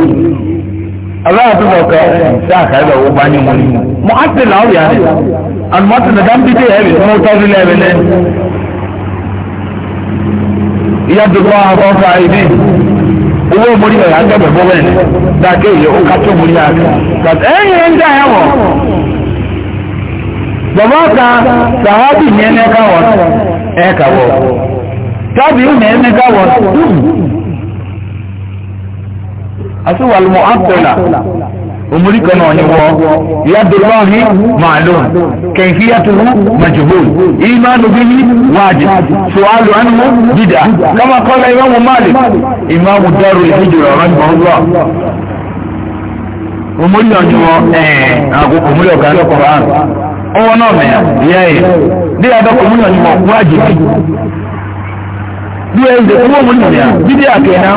A: aláwọ̀ tó bọ̀ kọ́ owó bá ní wọn ni mo á ti làwọn yàrá and mo á ti nàdá ń bí dé ẹ̀rí mo tọ́jú lẹ́ẹ̀rẹ́ lẹ́nu ìyá dùkọ́ àwọn afọ́fà owó mórí ẹ̀ agbẹ́bẹ̀ bọ́wẹ́ ni dákẹ́ ìyẹ́ ó kátó mórí àgbẹ̀ but ẹ̀yìn ń dá ẹ̀ wọ̀ bàbá ọ̀ka sàhábì ní ẹ̀nẹ́ káwọ̀
B: ẹ̀ káwọ̀ tábì ní ẹ̀nẹ́ káwọ̀
A: àti wàlùmọ̀ àpẹ̀là
B: omori kan náà ni wọ́n yadulahi
A: maalum kẹfiyatuhu majhul imanu bihi wajib sualu anhu bida kama kọ́lá imaamu malik imaamu daru ìhijira rahimahullah omori náà eh, ni wọ́n ẹ̀ẹ́n àkókò omori ọ̀gá ní koran
B: ọwọ́ náà mẹ́ya yẹ́ ẹ̀ bí adọ́kọ̀ omori náà ni wọ́n wajib
A: bí ẹ̀ ń dẹ̀kọ́ omori náà bídí àkẹ́yìn náà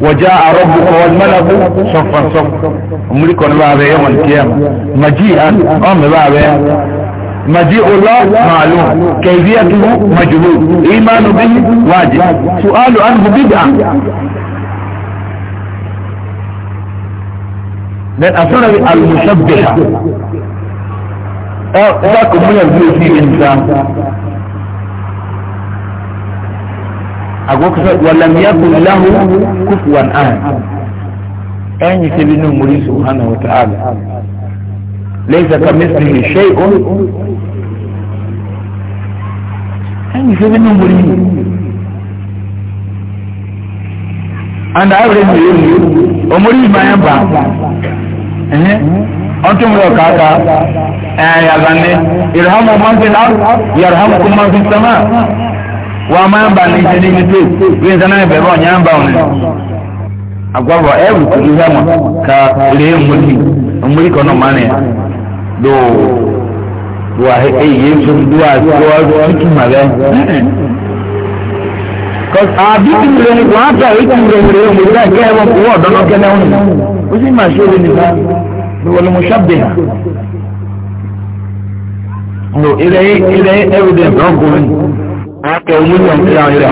A: وجاء ربك والملك صفا صفا ملك بابا يوم القيامة مجيء ام بابا مجيء الله معلوم كيفيته مجهول ايمان به واجب سؤال عنه بدعة لان اثر المشبهة أه، ذاك من في انسان agokosa walam yakun lahu kufuwan ahad ẹyin ṣe bí nínú múrí subhanahu wa ta'ala lẹ́yìn ká mẹ́sìlì ṣe ó ẹyin ṣe bí nínú múrí and every million you omori ìmáyà bá ọtún rẹ kàkà ẹ yàrá ni ìrhamu mọ́tìlá
C: yàrá kùmọ́tìlámà wa ma ba ni se ni mitu wi nsa na be ro nya ba oni agwa ba e wu ku ha mo ka le mo
A: ni mo ri ko no ma ne do wa he e ye so do a so a so ki ma le ko a bi ti mo ni wa ta e ti mo ni mo da ke wo ko do no ke ne oni o si ma so ni ba
B: do wal mushabbiha no ile ile evidence e ron ko ni من ആ കൗമിന് മനസ്സിലാകില്ല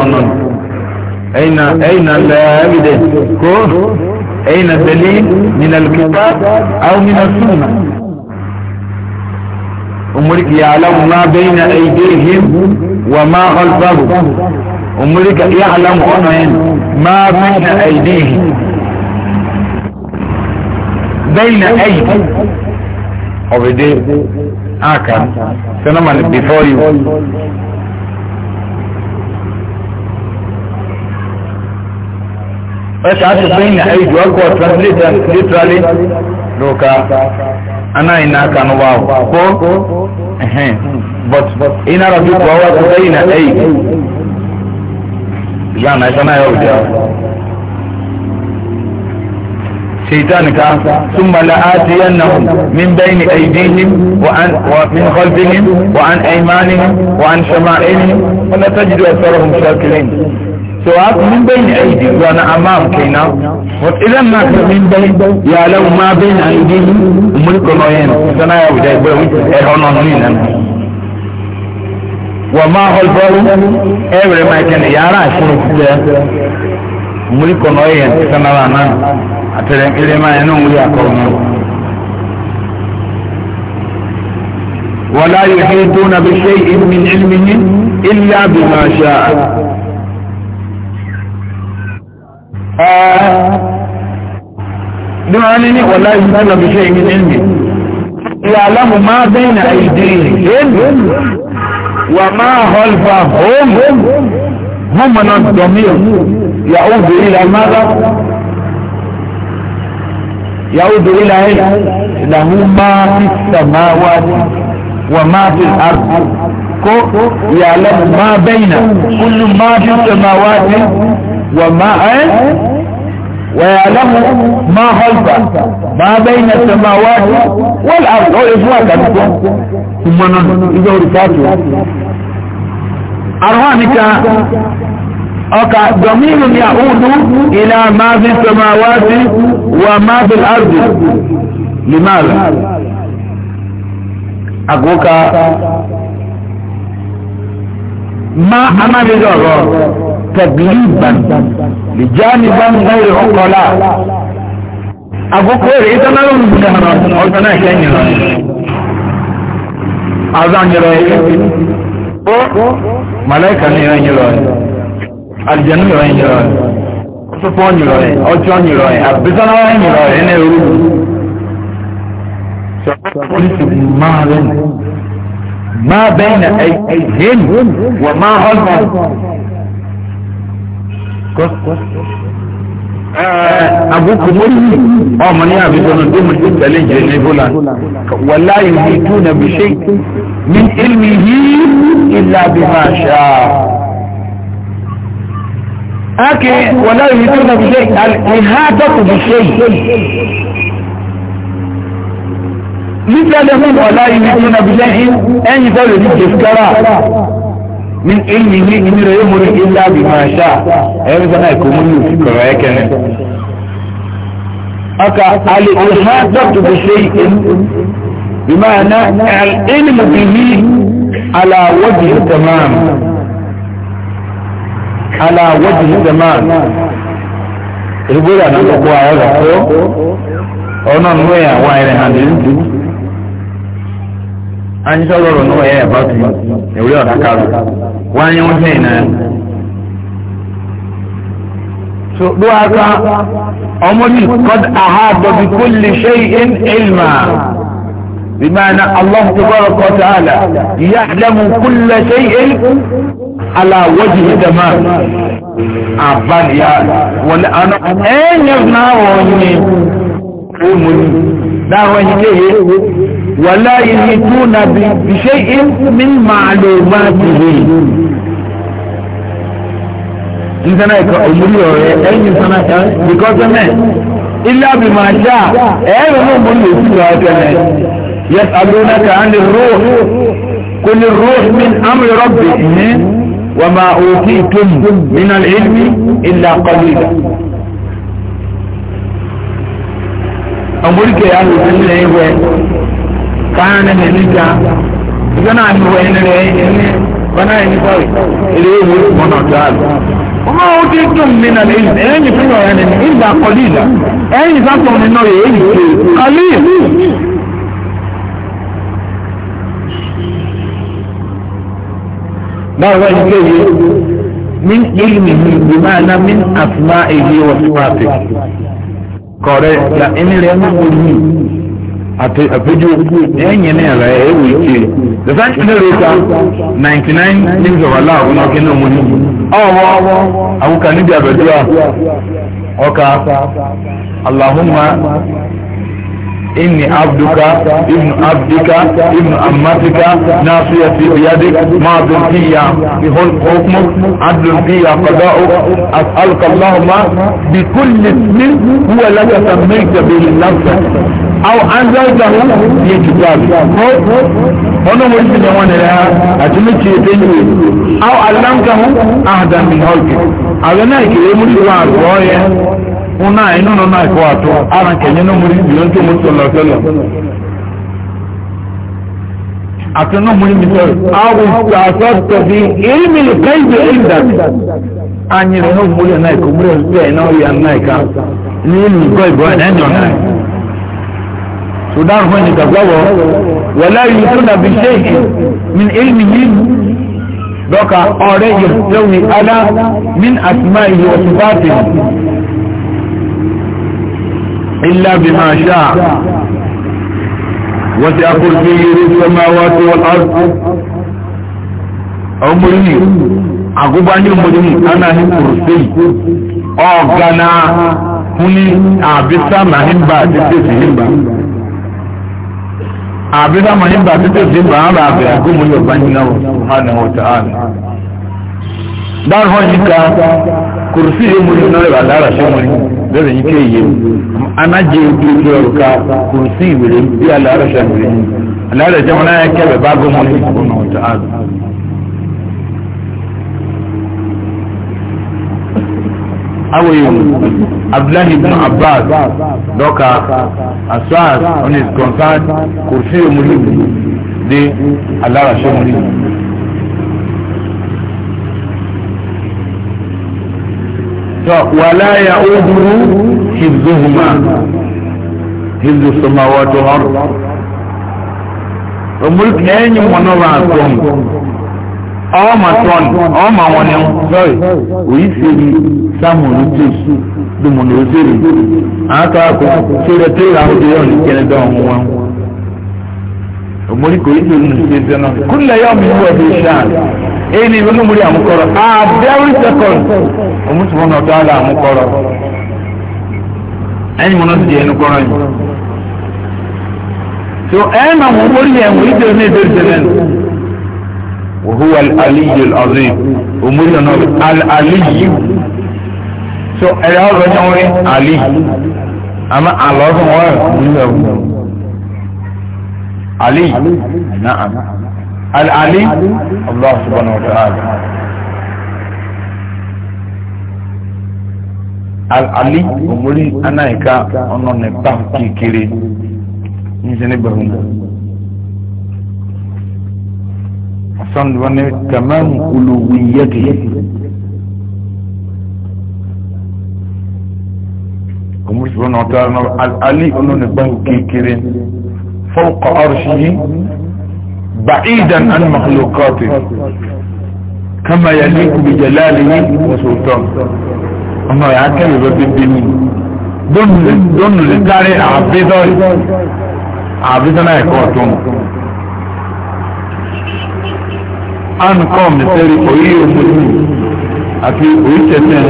C: ഒന്നും أمرك يعلم ما بين أيديهم وما خلفهم أمرك يعلم أنهم
B: ما بين أيديهم
A: بين أيديهم أو بدي آكا سنما before you
B: wata ake bayin na aiki wakwa translator literally doka
A: ana ina kanu ba ko ehem but ina rabi kuwa wata bayin na
B: aiki
A: yana ita na yau da شيطان ثم لآتينهم من بين أيديهم وعن ومن خلفهم وعن أيمانهم وعن شمائلهم ولا تجد أثرهم شاكرين so as min bayin aidi wa na amam kenan wat idan ma ka min bayin ya lau ma bayin aidi mulko no yen sana ya wida ba wi e hono no ni nan wa ma hol bawu every my can yara shuru kuje mulko no yen sana la nan atere ile ma eno muri akono ولا يحيطون بشيء من علمه إلا بما شاء bí wọ́n ní ní ọ̀la ìgbàlọ́ bí ṣe ìgbìn ní
B: ìyá aláhùn máa bẹ́ẹ̀ na èdè wà máa họlfà hóòmù hóòmù náà dọ̀míọ̀ yàwó bèrè ìlà máa yàwó bèrè ìlà ìlàhùn máa fi sàmáwájú wà máa fi àrùn
A: kó ìyá máa bẹ́ẹ̀ na kúlù máa fi sàmáwájú. وماء
B: ويعلم ما خلفه ما بين السماوات والارض هو اسمه كان
A: ثم اذا رفعته ارهانك أوكا ضمير يعود إلى ما في السماوات وما في الأرض لماذا؟ أقولك
B: ما أمام الأرض تقليبا لجانبا غير عقلاء أفكر إذا ما لون بدهنا أرسنا كينينا أرزان جرائي ملائكة نيرين جرائي الجنة نيرين جرائي سفون جرائي أجوان جرائي أبسنا وين جرائي إنه
A: يرون ما بين أيديهم وما خلفهم abuku mori ọmọ ní àbíkọ́nà tó mọ̀ sí tẹ̀lé jẹ́ ní bọ́lá
B: wà láyé ní tó na bí ṣe
A: ní ilmi yìí
B: ilá bí máa ṣá ákẹ́ wà láyé ní tó na bí ṣe ìhá tọ́kù bí ṣe
A: ní tẹ́lẹ̀ mú wà láyé na bí ṣe ẹ̀yìn tọ́lẹ̀ ní jẹ́ min ilmihi inira yi muri illa bi ma sha ayi sana ko mun yi ko ya kenan aka al ilhaqatu bi shay'in bima'ana al ilm bihi ala wajhi tamam ala wajhi tamam
B: ibura na ko ayara ko onon moya wa ire handin
A: anyi sọ̀rọ̀ ọ̀rọ̀ náà ẹ̀yà bá ti ẹ̀wúrẹ́ ọ̀dà kárò wọ́n anyi wọ́n sẹ́yìn náà. so ló wá ká ọmọ ní kọ́d àhá bọ̀bí kó lè ṣe in ilmà bimana allah tabarak wa ta'ala yahlamu kulla shay'in ala wajhi tamam aban ya wala ana en yafna wonni umuni da wani ke ولا يهتون بشيء من معلوماته nítorí ẹ̀kọ́ òmùrí ọ̀rẹ́ ẹ̀yìn sọ́nà kan bíkọ́sọ́ mẹ́ ilé àbí máa ṣá ẹ̀rọ náà mo lè sí ìwà ọ̀tẹ̀ mẹ́ yẹ àlóná kà á lè ró kò lè ró mi àmì rọ́bì ní wà máa òkè ìtòmù nínú ìlú ilé àkọlù ìgbà. ọmọdé kẹyà ló ti ń lẹ́yìn wẹ́ káyọ̀ nínú ẹni jà ìjọ náà ni wọ́n ẹni rẹ̀ ẹni bọ́nà ẹni sọ̀rọ̀ èlé ìwé ìmọ̀nà ọ̀dọ́ àlọ́. wọ́n máa ń dín dùn mí nàlẹ́ ìlú ẹ̀yìn fún ọ̀rẹ́ nínú ìgbà kọ́lí ìlà ẹ̀yìn sátọ̀ nínú rẹ̀ èyí kọ́lí ìlú.
B: báwo wá ní kéde min ilmi mi bi maana min
A: asma ehi wa sifaati kɔrɛ la ɛni rɛ ni o ni àpéjú ẹ̀yìn ní ẹ̀rọ ẹ̀wò ìké the french generator ninety nine names of allah ọ̀gbọ́n ọ̀kẹ́ náà mo ní
B: ọ̀wọ́ àwùkà níbi àbẹ̀dúrà ọ̀ka allahumma.
A: إني عبدك ابن عبدك ابن أمتك ناصيتي بيدك ماض فيا حكمك عدل فيا قضاؤك أسألك اللهم بكل اسم هو لك سميت به نفسك أو أنزلته في كتابك wani mulki ne wani ya a ci miki ya ta yi au allamtahu ahdan min halki a zana ke yi mutuwa a una inú nínú àìkọ́ àtọ́ ara kẹ̀yẹ́ náà mo rí ìlú tó mo sọ̀lọ̀ sọ̀lọ̀
B: àti náà mo rí mi sọ̀rọ̀ àwọn ìgbàsọ̀ tọ̀sí èyí mi lè kẹ́ ìgbé èyí dàbí anyi rẹ̀ náà mo rí ẹ̀nà ìkọ́
A: mo rí ẹ̀sùn ẹ̀ náà yà náà ìka ní ìlú ìkọ́ ìbọ̀ ẹ̀ ẹ̀yọ̀ náà sudan fún ẹnìkan gbọ́wọ́ wọlé yìí tún dàbí ṣéèkì min ilmi yìí dọ́ka ọ̀rẹ́ yìí lóhùn min asmáyé wọ́n إلا بما شاء وسع كرسيه السماوات والأرض أمرني أقباني أمرني أنا هي
B: كرسي
A: أغنى هني أبسا مهمبا تتسي همبا
B: أبسا مهمبا تتسي همبا أنا أبسا أقوم يباني الله سبحانه وتعالى
A: دار هونيكا كرسي أمرني نرى على رشي أمرني bẹ́ẹ̀ ní kí èyí anájẹ ojú ojú ọ̀rọ̀ ká kò sí ìwèrè bí aláàrẹ̀ ṣàgbèrè aláàrẹ̀ jẹ́ wọn láyé kẹ́bẹ̀ bá gómọ̀ ní ìfúnná ọ̀tá àdù.
B: awoye abdullahi ibn abbas dọ́ka
A: as on his concern kò sí omuli the aláàrẹ̀ ṣàgbèrè. to wala ya uduru hibzuhuma
B: hibzu samawati har o enyi mono wa tom o ma ton o ma woni sorry
A: o samu du mo aka ko te o de on wa o kullu yawmin huwa fi sha'n èyí ni ìwé múlẹ̀ àmúkọ́rọ̀ àbẹ́rù sẹ́kọ̀n òmùsùnmọ́nà ọ̀tọ́ àlà
B: àmúkọ́rọ̀ ẹni mọ́nà ti di ẹnu kọ́rọ̀ yìí so ẹ̀yìn náà wọ́n wọ́n yẹ wọ́n ìdè ní ìdè ìdè lẹ́nu wòhúwà aliyu ọ̀rẹ́ òmùlẹ̀ náà aliyu
A: so ẹ̀yà ọ̀rọ̀ yẹn wọ́n rí aliyu àmà àlọ́ ọ̀rọ̀ wọ́n rí aliyu náà العلي الله سبحانه وتعالى العلي أمري أنا إكا أنا نبه كيكيري نزني بهم أصلا وانا تمام ألويته أمري سبحانه وتعالى العلي أنا نبه كيكيري فوق عرشه بعيدا عن مخلوقاته كما يليق بجلاله وسلطانه أما يعكب بالدين دون دون لتاري عبيدا عبيدنا يكوتون أن قوم نتري أيه مسلم
C: أكي أيه تسين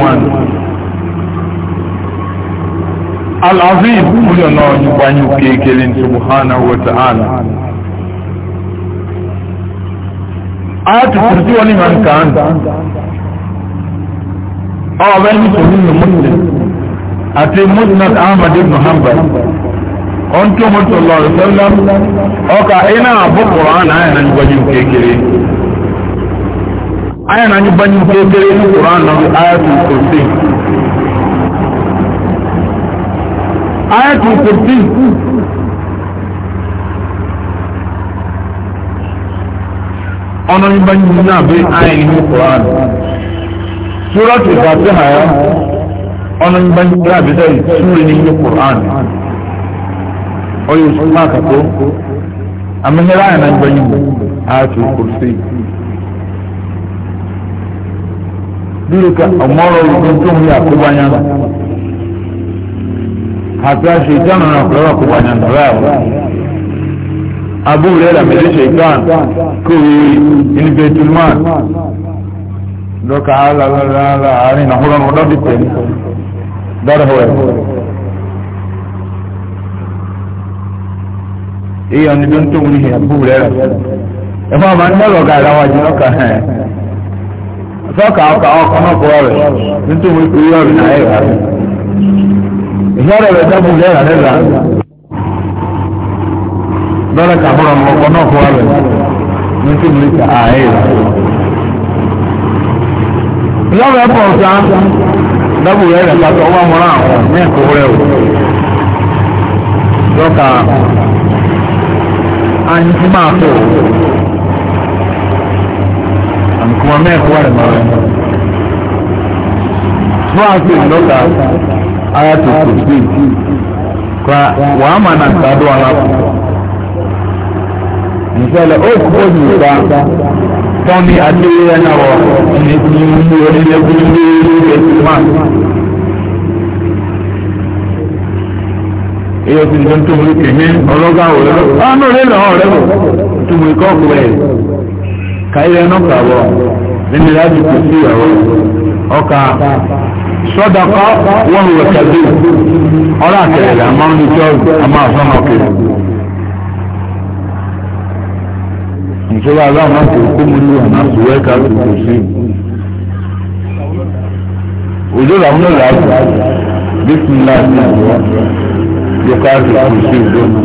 B: العظيم مليون نوع يبانيو كيكلين سبحانه وتعالى
A: ayatu kursi wani man kan awa bai ni sahih muslim ati musnad ahmad ibn hanbal on to mu sallallahu alaihi wasallam o ka ina abu qur'an aya nan gwajin kekere aya nan gwajin kekere ni qur'an na ayatu kursi ayatu kursi ọ̀nà ìbá yìí náà bí àyìn ní quran
B: súrọ́tì ìfàtí àyà ọ̀nà ìbá yìí náà bí sẹ́yìn súrì ní quran ọyọ ìṣúná àkàkọ́ àmìnira àyà náà ìbá yìí àti kùrùsì
A: bíi ká ọmọọrọ ìdún tó ń yà kóbá yẹn àti àṣẹ ìtàn náà kúrẹ́wà kóbá yẹn lọ abu rẹ́rà mẹ́lẹ́ ṣèkán kòwé ilibetulman lọ́ka alàlàlà àárín àhúrán ọlọ́dún tẹ̀lé dáràwọ̀ ẹ̀ èyí ọ̀nà tó ń tó wúni abu rẹ́rà ẹ̀fọ́ àmà ń dọ̀rọ̀ ọ̀gá ìlàwọ̀ àjẹ́ lọ́ka ẹ̀ sọ́ka ọkà ọkọ̀ náà kọ́
B: lọ́dọ̀ kàbọ̀rọ̀ ọkọ̀ náà fọwọ́ rẹ̀ ní kí ni ká ààyè
A: rẹ̀. lọ́wọ́ ẹ̀ pọ̀ sá dábò rẹ̀ rẹ̀ pàtó wà mọ́ra àwọn ní ẹ̀kọ́ rẹ̀ o. lọ́kà àyìnkú máa tó àyìnkú máa mẹ́ẹ̀kọ́ rẹ̀ máa rẹ̀. fún àti lọ́kà ayatollah kò sí kọ́ wàá mà nà sádọ́ aláàbò ìṣẹ̀lẹ̀ ó kú ó yìí bá tọ́ni adéyẹ náà wọ̀ ní ti ní onílẹ̀kùn ní ẹ̀sìn máa.
B: èyí ti dùn tó múlùkì ní
A: ọlọ́gá òwúrọ̀ ọ̀nà òrẹ́ lọ́wọ́ rẹ̀ bò tó múlùkì kọ́ ẹ̀
C: káyọ̀ ẹ̀ náà kàwọ̀ nínú láti kò sí ìyàwó ọkà sọ́dọ̀kọ́
A: wọ́n wọ̀ kẹ́lẹ́ ọ̀rọ̀ àtẹ̀lẹ̀ àmọ́ ní tí àmọ́ àfọ́nà ọ̀kẹ́lẹ́. ìṣọ́lá aláwọ̀ máa tó kó mú ní ọ̀nà àtúwẹ́ ká tó kò sí.
B: òjò làwọn ọ̀là bí kí n láti àjọ yọ ká tó kò sí ìjọ náà.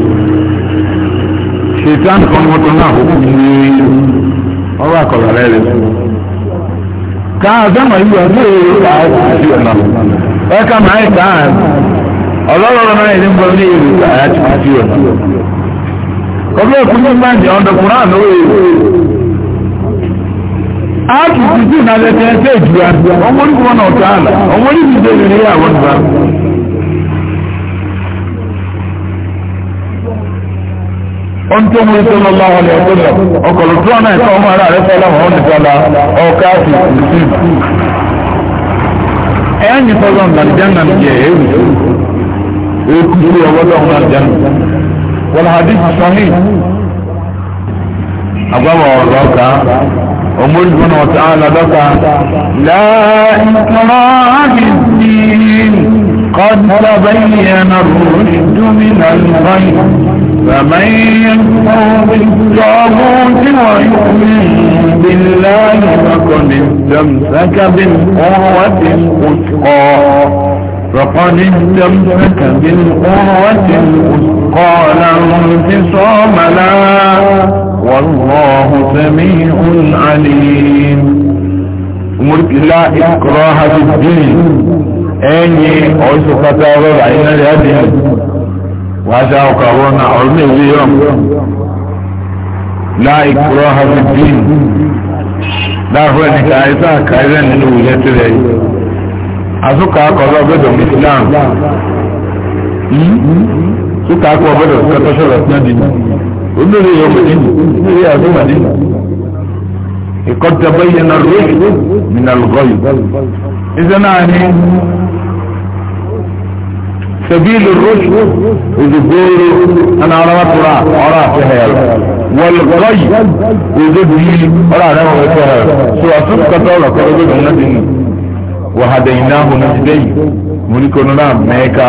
B: ṣètàn kan mọ́tò náà kò kún ní
A: ọ̀rọ̀ àkọlà rẹ̀ rẹ̀ fún. ká àdámà yìí wà ní èrò ká tó kò sí ọ̀nà. ẹ̀ka máa ń ká ọlọ́rọ̀ náà ẹni ń bọ̀ ní èrò ká tó kò sí ọ̀nà. ọbẹ̀ òkun ní gbàǹdì ọ̀dọ̀ kùrán lórí áàtù títí ìnàlẹ́tẹ̀ ẹgbẹ́ ìjìyà ọmọ orí wọn àlà ọmọ orí ọ̀ntọ́ lọ́lá wọn ni ọkọ̀lọ̀ tó ẹ̀kọ́ ọmọ ara rẹ̀ wọn ní ọ̀ká ìsìn ẹ̀yìn
B: ọwọ́ jẹ́ والحديث صحيح أبوا وضعك من وتعالى لك لا إكراه
A: الدين قد تبين الرشد من الغي فمن يكفر بالطاغوت ويؤمن بالله فقد استمسك بالقوة القصقى فقد استمسك بالقروة الوثقى لا انفصام لها والله سميع عليم ملك لا إكراه في الدين أني عيسو فتاوى بعين اليدين
B: وأشاء كورونا أرمي اليوم
A: لا إكراه في الدين لا هو نكايتا كايزا نلو يتري àsúkà akọ̀ọ̀lọ́ ọgbẹ́dọ̀ islam
B: súkà hmm? akọ̀ ọgbẹ́dọ̀ kẹtọ́ṣọ́lọ̀ ìpínlẹ̀ olórí yóò mọ̀ nínú ilé àdúgbò nínú ìkọ́ tẹ̀bọ́ yẹn náà lóyè nínú àlùkọ́ yìí iṣẹ́ náà ní سبيل الرشد
A: وذكور انا على طرع ارى فيها والغي وذبه ارى نوع فيها سوى سبقة طولة قربت النبي وهديناه نجدين ملك نرام ميكا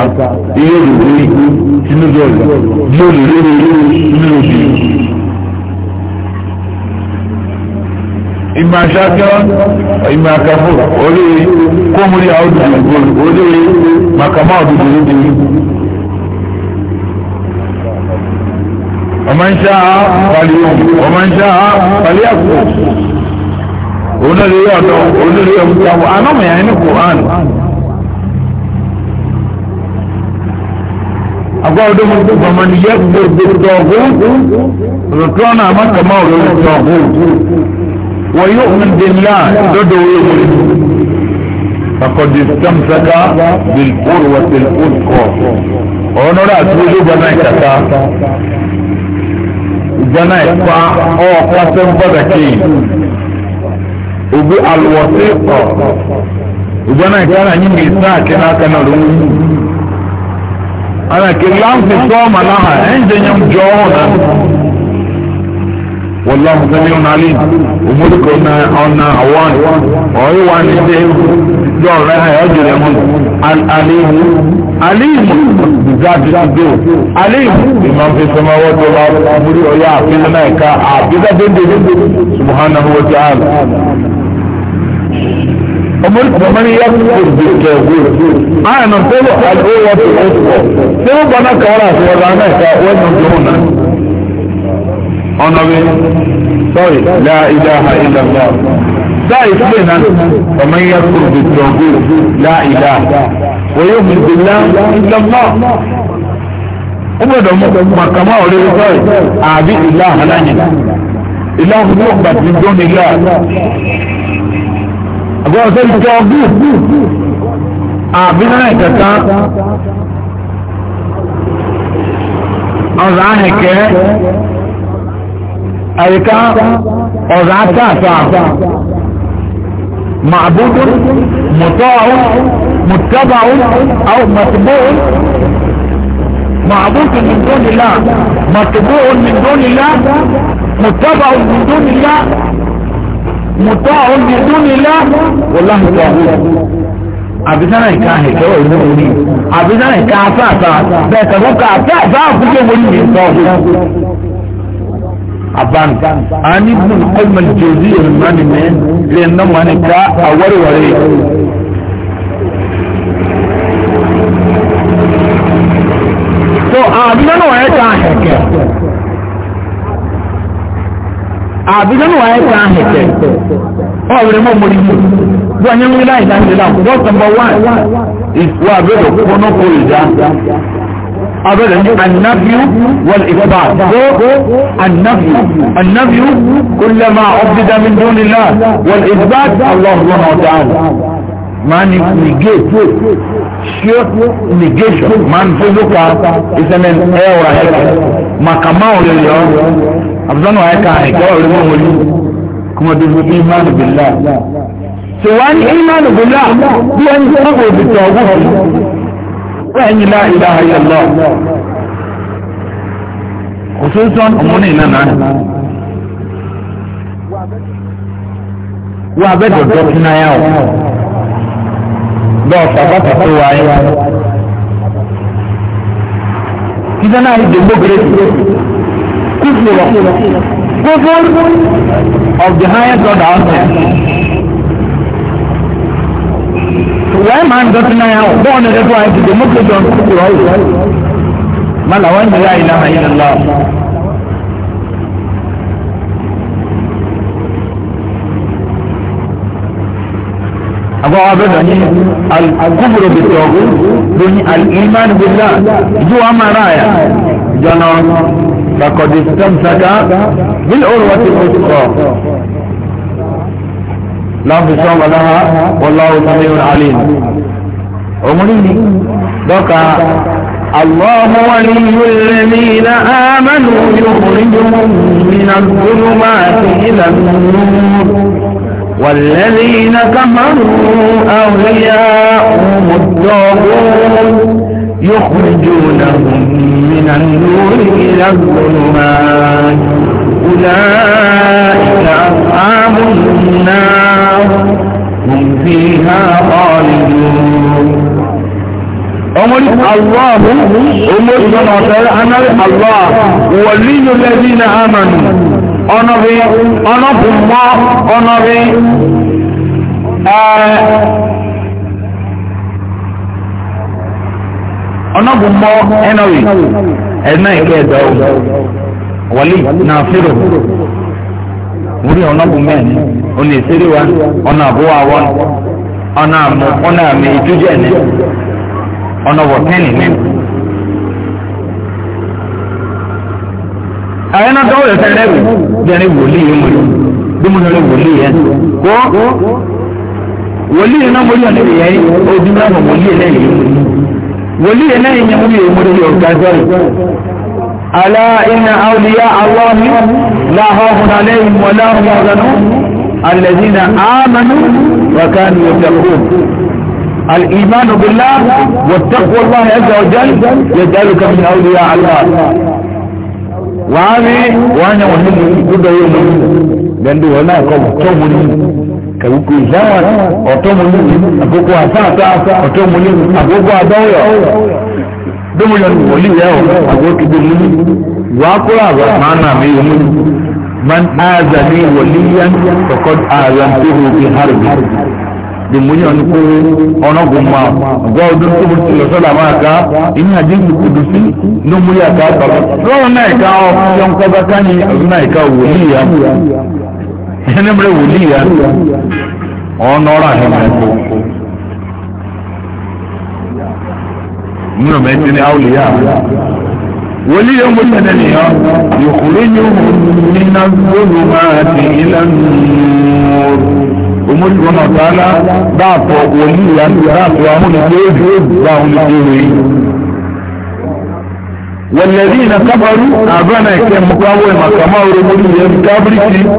A: يلوي سنزول يلوي سنزول إما شاكرا وإما كفور ولي كمري أعود بالقول ولي ما كما أعود بالقول ومن شاء فليوم ومن شاء فليكفر
B: onírè yọ ọdọ onírè yọ ọmọdéwọ anọmọ yẹn ní quran agba ọdọ mu tó bàmà ni yẹ gbogbo dọgbó rotọ náà má kàmá ọdọ mu dọgbó
A: wọ́n yóò ń di nlá lọ́dọ̀ wọ́n yóò fakọ̀dé sàmsàkà bilbor wa bilbor kọ ọ̀nà rà tó náà kàkà pa ọ̀ pàṣẹ ń bọ̀dà ubi alwasiqa ujana ikara nyingi saa kena kana rungu ana kilamsi soma laha enje nyamjoona
B: والله سميع عليم وملك أن أوان وأيوان دور لها يجر يمون
A: الأليم أليم بذات الصدور أليم بمن في السماوات والأرض أمري ويا في الملائكة عبد سبحانه وتعالى ọmọdé yẹ kó gbèsè ẹgbẹ ayé nà tẹlẹ àgbo wọ tó o fọ tẹlẹ bọ náà kàwé àti wọn náà ká wọn nà tó wọn náà ọ̀nà bíi sọ́ọ̀rì láìdá àìlà lọ láì sílẹ̀ náà ọmọ yẹ kó gbèsè ẹgbẹ láìdá wọ́n yóò mú ibi lá ìlà
B: lọ ó gbọ́dọ̀ mú màkàmá ọ̀rẹ́ sọ́ọ̀rì àbúrò tó ń jọ gùn àbínáì kẹta ọ̀rọ̀ àhẹ̀kẹ́ àyíká ọ̀rọ̀ àtàtà
A: màbúdú mùtọ́ọ̀ àwọn màtìbóò معبود من دون الله متبوع من دون الله متبع من دون الله مطاع من wọláhì tọ́hún àbísára ìka ẹ̀kẹ́ òní òní àbísára ìka afáàfà bẹ́ẹ̀ tẹ̀wọ́n ká afáàfà àkúkẹ́ wọlé ní tọ́hún aban ani bin kalmar jozi ya mani ne zai nan mani ka a warware so àbí nínú ẹ̀ ta ẹ̀kẹ́
B: àbí nínú ẹ̀ ta ẹ̀kẹ́
A: ọ̀rẹ́ mọ́ mọ́ ní wọ́n yẹn ń láì láì láì kò bọ́sọ̀ bọ́ wá ìwọ abẹ́rẹ́ òkúkọ́nà kò lè dá abẹ́rẹ́ ní anábíú wọ́n ìfà tó anábíú anábíú kò lè máa ọ̀bídá mi wọ́n ìfà aláwọ̀n ọ̀dá máa ní negate sure negation máa ń fojú ka ìsẹ̀mẹ̀ ẹ̀ ọ̀rọ̀ màkà máa ò lè yọ àbúzọ́nù ẹ̀ka ẹ̀kẹ́ ọ̀rẹ́ mọ́ kọ́mọdé tí wá ní ìmánu bílá bí ẹni tí wọ́n kò fi tọ̀ ọgbọ́n ẹ̀yìn ilá ìlà ayẹ̀lọ́
B: kò tó sọ́n ọmọdé iná náà
A: wọ́n abẹ́dọ̀dọ̀ tí náà yà wọ́n
B: lọ́ọ̀ sàbátà tó wáyé títí náà ìdègbò gírèsì kúfùrọ̀ kúfùrọ̀ of the
A: highest order on earth
B: wẹ́ẹ́ máa ń dọ́tí náà yàwó bọ́ọ̀ ní ẹ̀dẹ́gbọ́ àti democracy ọ̀n kúkú rọ̀ ọ̀wọ̀ mọ́nà wọ́n ń yá ilé ayé lọ.
A: àbọ̀ wa bẹ́ẹ̀ dọ̀nyí alukúburu bìtì ọ̀gbìn dọ̀nyí alìmánu bìlá ìjú wa máa rà yà
B: jọ̀nà kakọ̀dé sẹ́mùsáká bílẹ̀ òrùwà ti kó sọ̀rọ̀. لا خصوم لها والله سميع عليم عمري بقى الله ولي
A: الذين آمنوا يخرجهم من الظلمات إلى النور
B: والذين كفروا أولياءهم الطاغوت يخرجونهم من النور إلى
A: الظلمات أولئك أصحاب النار هم فيها خالدون عمر الله عمر بن عطير عمل الله ولي الذين آمنوا أنا في أنا في الله أنا في أنا في الله أنا في أنا
B: في ولي ناصره ولي أنا في
A: ọ̀nà ìṣeré wa ọ̀nà àbúwá wọn ọ̀nà àmú ọ̀nà àmì ìtújẹ́ ni
B: ọ̀nà wọ̀tẹ́nì ni.
A: àyẹ̀ náà dọ́wọ́ ẹ̀sẹ̀ rẹ̀ wò bẹ́ẹ̀ wòlíì yẹn mọ̀lẹ́ bí mo lọ́ọ́ wòlíì yẹn kó wòlíì náà mo yọ̀ níbi yẹn ojú náà mọ̀ wòlíì náà yẹn wòlíì yẹn náà yẹn mo yẹ mo yẹ ọ̀gá sọ́ọ̀rì. ألا إن أولياء الله لا خوف عليهم ولا هم يحزنون الذين آمنوا وكانوا يتقون الإيمان بالله والتقوى الله عز وجل يجعلك من أولياء الله وهذه وأنا مهم جدا يوم لأنه هناك قوم kàwùkù ìyáwà ọ̀tọ́mọlú àkókò àfáàfá ọ̀tọ́mọlú àkókò àbáwọ̀ dómìnà wòlíì yẹ́ ọ̀ àkókò ìdòmínú wàá kúrò àbá màá nà mí yomínú من آذني وليا فقد آذنته بحرب dìmúyẹ ọ̀nà pé ọ̀nàgùn ma ọ̀gá ọdún tó ti lọ sọ́dà máa ká inú àdínkù kùdù sí ló mú yà ká bàbá lọ́rùn náà ìka ọ yọ̀n kọ́ bá sáyẹn ọdún náà ìka wòlíì ya
B: ẹni mìíràn wòlíì ya ọ̀nà ọ̀rọ̀ àhẹ́ máa kó. mìíràn mẹ́tí ni áwòlì yà وليهم الدنيا يخرجهم من الظلمات إلى النور
A: ومن سبحانه وتعالى ضعف وليا ضعف وهم الجيد وهم الجيد والذين كفروا أبانا كان مقاوم كما رمضي يمكابرتي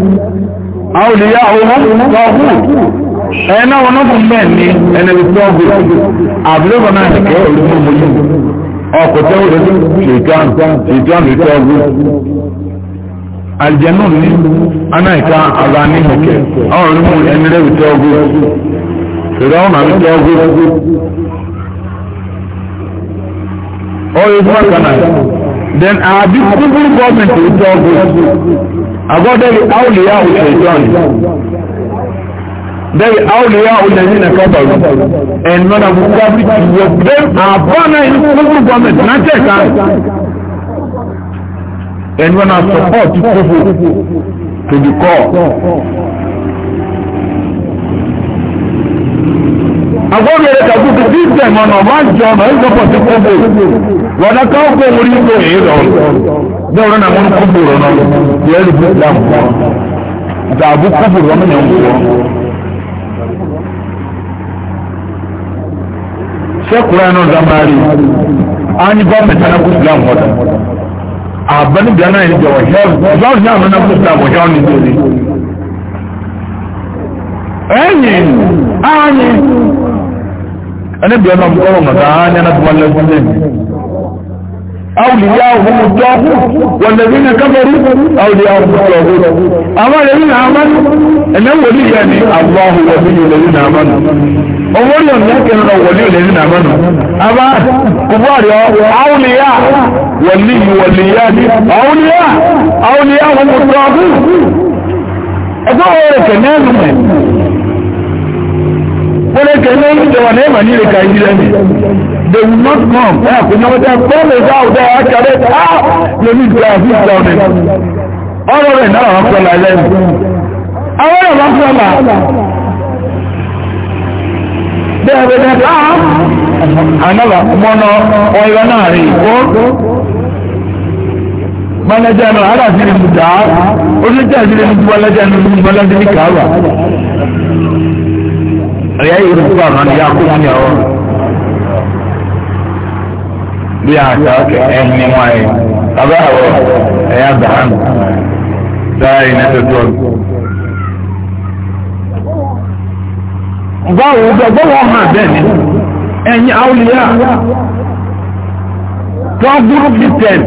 A: أولياؤهم طاغوت أنا ونظم مني أنا بالطاغوت أبلغنا كأولي مؤمنين ọkọ̀ tẹ́wọ́ lẹ́sìn ṣètàn ṣètàn lè tọ́ ọgbọ́n
B: àjẹnú ní anáìka àbá ní ìkẹ́ àwọn onímọ̀ ẹni lẹ́wì tọ́ ọgbọ́n fèrè àwọn àmì tọ́ ọgbọ́n ọ̀rẹ́ fún àkànnà then àbí
A: kúkúrú gọ́ọ̀mẹ̀ntì tọ́ ọgbọ́n àgọ́dẹ́rì áwùlẹ̀ yà òṣèjọ́ ni. They awliya ulazina kafaru. And none of the prophets of are born in Kufr government, not their And when I support Kufr to the core. Àwọn ọmọdé kàkú ti tí ìtẹ̀ mọ̀nà máa ń jọ ọmọ ìgbọ́pọ̀ sí kóbò. Wọ̀dá káwọ́pọ̀ orí ìgbò èyí lọ. ọ̀rọ̀ náà wọ́n kóbò rọ̀ náà, bí ẹ̀rì bí ìlànà wọn.
B: Ìtàbí kóbò rọ̀ mí shekura yanar zamari an yi gwamnati na kusuran wata
A: abin da na yi da wajen zaun ya nuna kusuran wajen ne dole ẹ̀yìn ààyìn ẹni bí ọ̀nà ọmọ ọmọ ọmọ ọmọ ọmọ ọmọ ọmọ
B: أولياؤهم الطاغوت والذين كفروا أولياؤهم الطاغوت أما الذين آمنوا إنه
A: ولي يعني الله ولي الذين آمنوا
B: أول يوم لكن ولي الذين آمنوا أما كفار أولياء ولي وليان أولياء أولياؤهم الطاغوت
C: أقول لك نعم ولكن نعم جوانب أني لك أجلني
B: they will not come. Ẹ kò ní ọjọ́ fóònù ìgbà ọ̀dọ́ akẹ́rẹ́ á lórí ìgbà àti ìgbà ọ̀dẹ. Ọ̀rọ̀ rẹ̀ náà wọ́n sọ̀lá lẹ́nu. Àwọn ọ̀rọ̀ wọ́n sọ̀lá. Bẹ́ẹ̀ bẹ́ẹ̀ bẹ́ẹ̀ ká
A: ànábà mọ́nà ọ̀yọ́ náà rí ìkó. Mọ́lẹ́jẹ́ náà aláàfin ni mo dà á. Oníjẹ́ àṣírí ni mọ́lẹ́jẹ́ ni mo mọ́lẹ́jẹ́ ní kàwà.
B: Ẹ̀yà ìrùkú àwọn ìyá kó fún ìyàwó bí àṣà ọ̀kẹ́ ẹni wáyé bàbá àwọ̀ ẹ̀yà abraham dára iná tó tó ọ̀dọ̀.
A: báwo gbọ́wọ́ hàn bẹ́ẹ̀ ni
B: ẹ̀yin àwòlíyà tó burú kìtẹ́n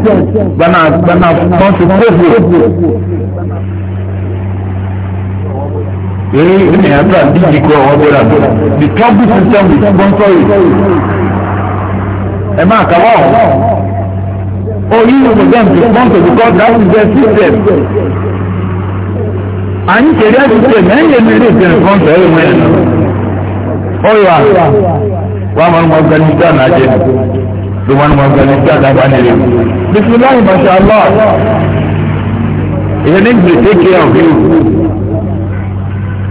B: gbaná gbaná tó ti kófò. Ee, ìmìyàtọ̀ àdíjì kọ́ ọ̀wọ́ bọ́dà bọ́dà.
A: The trouble system is sponsoring
B: ẹ máa kàwọ́ orí ìlú dem to sponsor because that is their system àyìn kèrè system ẹ̀ ń lè mẹ́rin ìsìn sponsor ẹ̀ wọ́n ẹ̀ ó yà wà máa ń wọ afghanistan àjẹ ló máa ń wọ afghanistan àbánilẹ̀ bisimilahi mashallah ìyẹn ní gbèsè care of you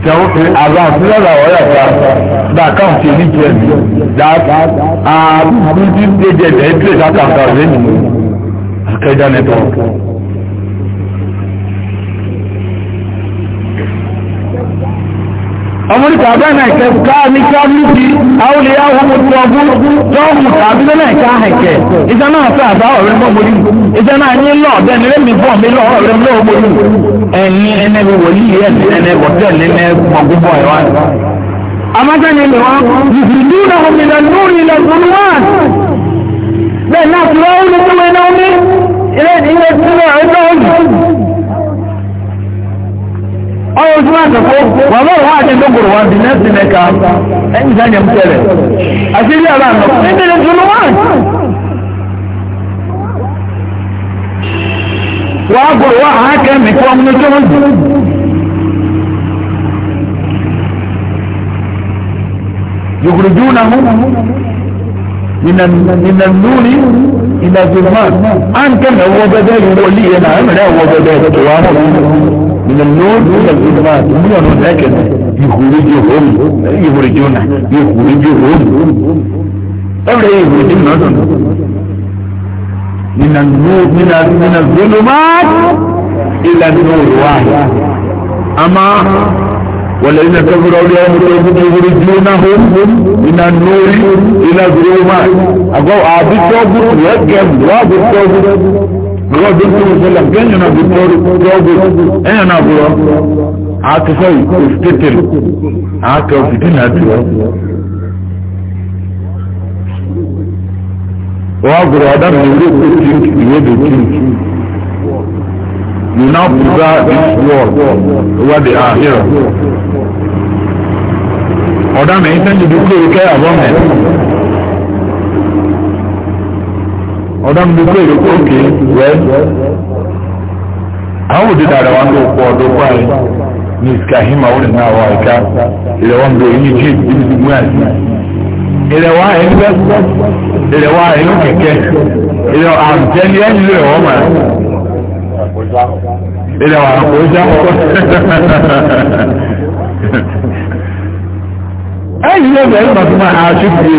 B: àbáàfin lọ́la ọ̀rẹ́ ọ̀ta bá káàkiri ní
A: jẹ́ àbúrú tí ń gbé jẹ́ ìdẹ́ ìpìlẹ̀ sákàtà rẹ̀ nìyí akẹ́jà nẹ́tọ̀ọ̀kì
B: ọmọdé tàbí ẹ̀nà ẹ̀kẹ́ káàmì káàmì ti àwòlé ahùnmù tó ọgbọ́n
A: tọ́ọ̀mù tàbí ẹ̀nà ẹ̀kẹ́ ahẹ̀kẹ́ ìjẹ́ náà fẹ́ àbá ọ̀rẹ́ mọ́mọ́lì ìjẹ́ náà ní lọ́ọ̀ bẹ́ẹ̀ni lẹ́mi bọ́ mi lọ́ọ̀ ọ̀rẹ́ mọ́mọ́lì ẹ̀ní ẹnẹ́bi wòlíì ẹ̀sìn ẹnẹ́bọ̀ tẹ́lẹ̀
B: ẹnẹ́gbọ̀gbọ̀ ẹ̀wá
A: amájẹ́ni lè wọ́n yìí náà mi lọ lórí ilẹ̀ gbọ́n wá
B: bẹ́ẹ̀ náà fi wọ́n ó lé ọyọ ojú láti kó
A: wà lọ́rọ̀ wá àti ìdókòrò wá di nẹ́ẹ̀sì mẹ́ka ẹ̀yìn ìdáyẹ̀ ń tẹ̀lẹ̀
C: àti ilé ara àná níbi ní tunu wá.
B: wà á gbòòrò wá àákẹ́ mi kó ọmọ ní tó ń dùn.
C: يخرجونه
A: من من النور الى الظلمات ان كان هو بدل ولينا امنا هو بدل توامه من النور إلى الظلمات هو نور هكذا يخرجهم يخرجون يخرجهم أمر إيه يخرجون من النور من من الظلمات إلى النور واحد أما والذين كفروا لهم يخرجونهم من النور إلى الظلمات أقول أبي توبوا يكم وابي توبوا ìwọ bí wọn wọ sọlá na ẹnyàn náà bí tọrọ tọgbó ẹnyàn náà bọ àtúfọ ìfòsítẹtẹlẹ àtọ fìdínà àtúwọ. wọ́n gbọ́dọ̀ ọ̀dàbí ìwé tó ti ìwé tó ti.
B: You now preserve this world over the ahira.
A: Ọ̀dà mi ń sẹ́yìn dúró kẹ́ àbọ̀ mẹ́rin.
B: ọ̀dọ́ mi kó èrè kókè wẹ́
A: àwọn òde dàda wọn ló pọ̀ ọdún báyìí ní ìsìkàhímà ó lè náà wà ìka ìrẹ̀wọ̀n bẹ èyí jí ìdílé ti mú àìsí ìrẹ̀wọ̀n àìní fẹ́ ìrẹ̀wọ̀n àìní kẹ̀kẹ́ ìrẹ̀wọ̀n àǹtẹ́ ní ẹ̀yìn lè wọ́n mà
B: ìrẹ̀wọ̀n àkójá kọ́
A: *laughs* ẹ̀yìn lè bẹ̀rẹ̀ mọ̀tún máa aṣọ ìgbé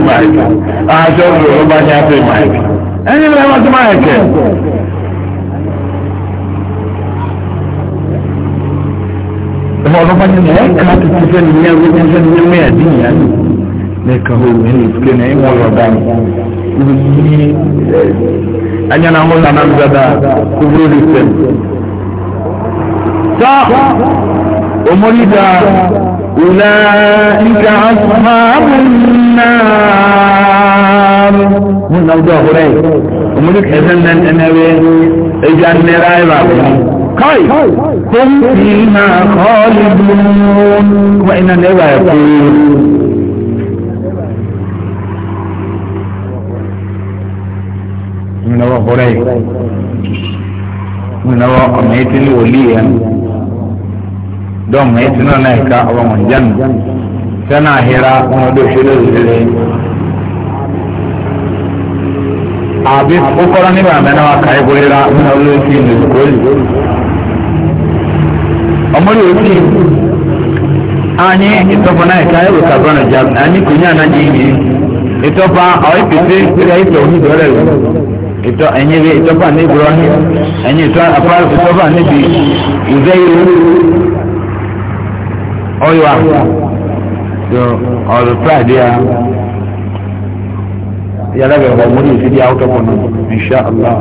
A: máa aṣọ ìgbé ọba ní afẹ́ máa ẹni bí ẹmọ tó máa ẹ̀kẹ́
B: ẹmọ ọdún bá nínú ẹ̀ka tuntun fẹ́ nìyẹn wọ́n ti fẹ́ nìyẹn mẹ́ẹ̀ dín ìyá ni
A: lẹ́ka hóró ẹni ìfúkẹ́ náà ẹ̀mọ ọ̀rọ̀ dá mi yìí
B: ẹ̀yẹ náà wọ́n lànà mi dáadáa kó wúrò
A: lè fẹ́ tọ́ ọmọlídà ọ̀là ìkà àfọ̀mọ́ àbùnà. قالوا من نوجه هري وملك حسن الأنبي اجعل رايبا كاي هم فيما خالدون وإن النبي يقول من هو هري من هو أميت الوليا دوم ميتنا نايكا ومن جنة سنة هراء ودوشي للزلين
B: àbí kókọ́rọ́ níbà mẹ́ná wa kà ébo ira nínú olóyè sí ìlú
A: ìkórè. ọmọ yóò sì anyi ìtọ́fọ́ náà ìka ébo kàbọ́nà jà anyi kò ní ànájì yìí ìtọ́fọ́ àwọn
B: ìpèsè ìpèrè ìtọ́ onídọ́rẹ́ rẹ̀
C: ìtọ́ ẹ̀yìn rẹ̀ ìtọ́fọ́ ní ìbúrọ́hìn ẹ̀yìn ìtọ́ àfárá ìtọ́fọ́ níbi ìzẹ́yìí
B: ọ̀yọ́ ọ̀rọ̀ ya rabe wa muri su ya auta kun insha Allah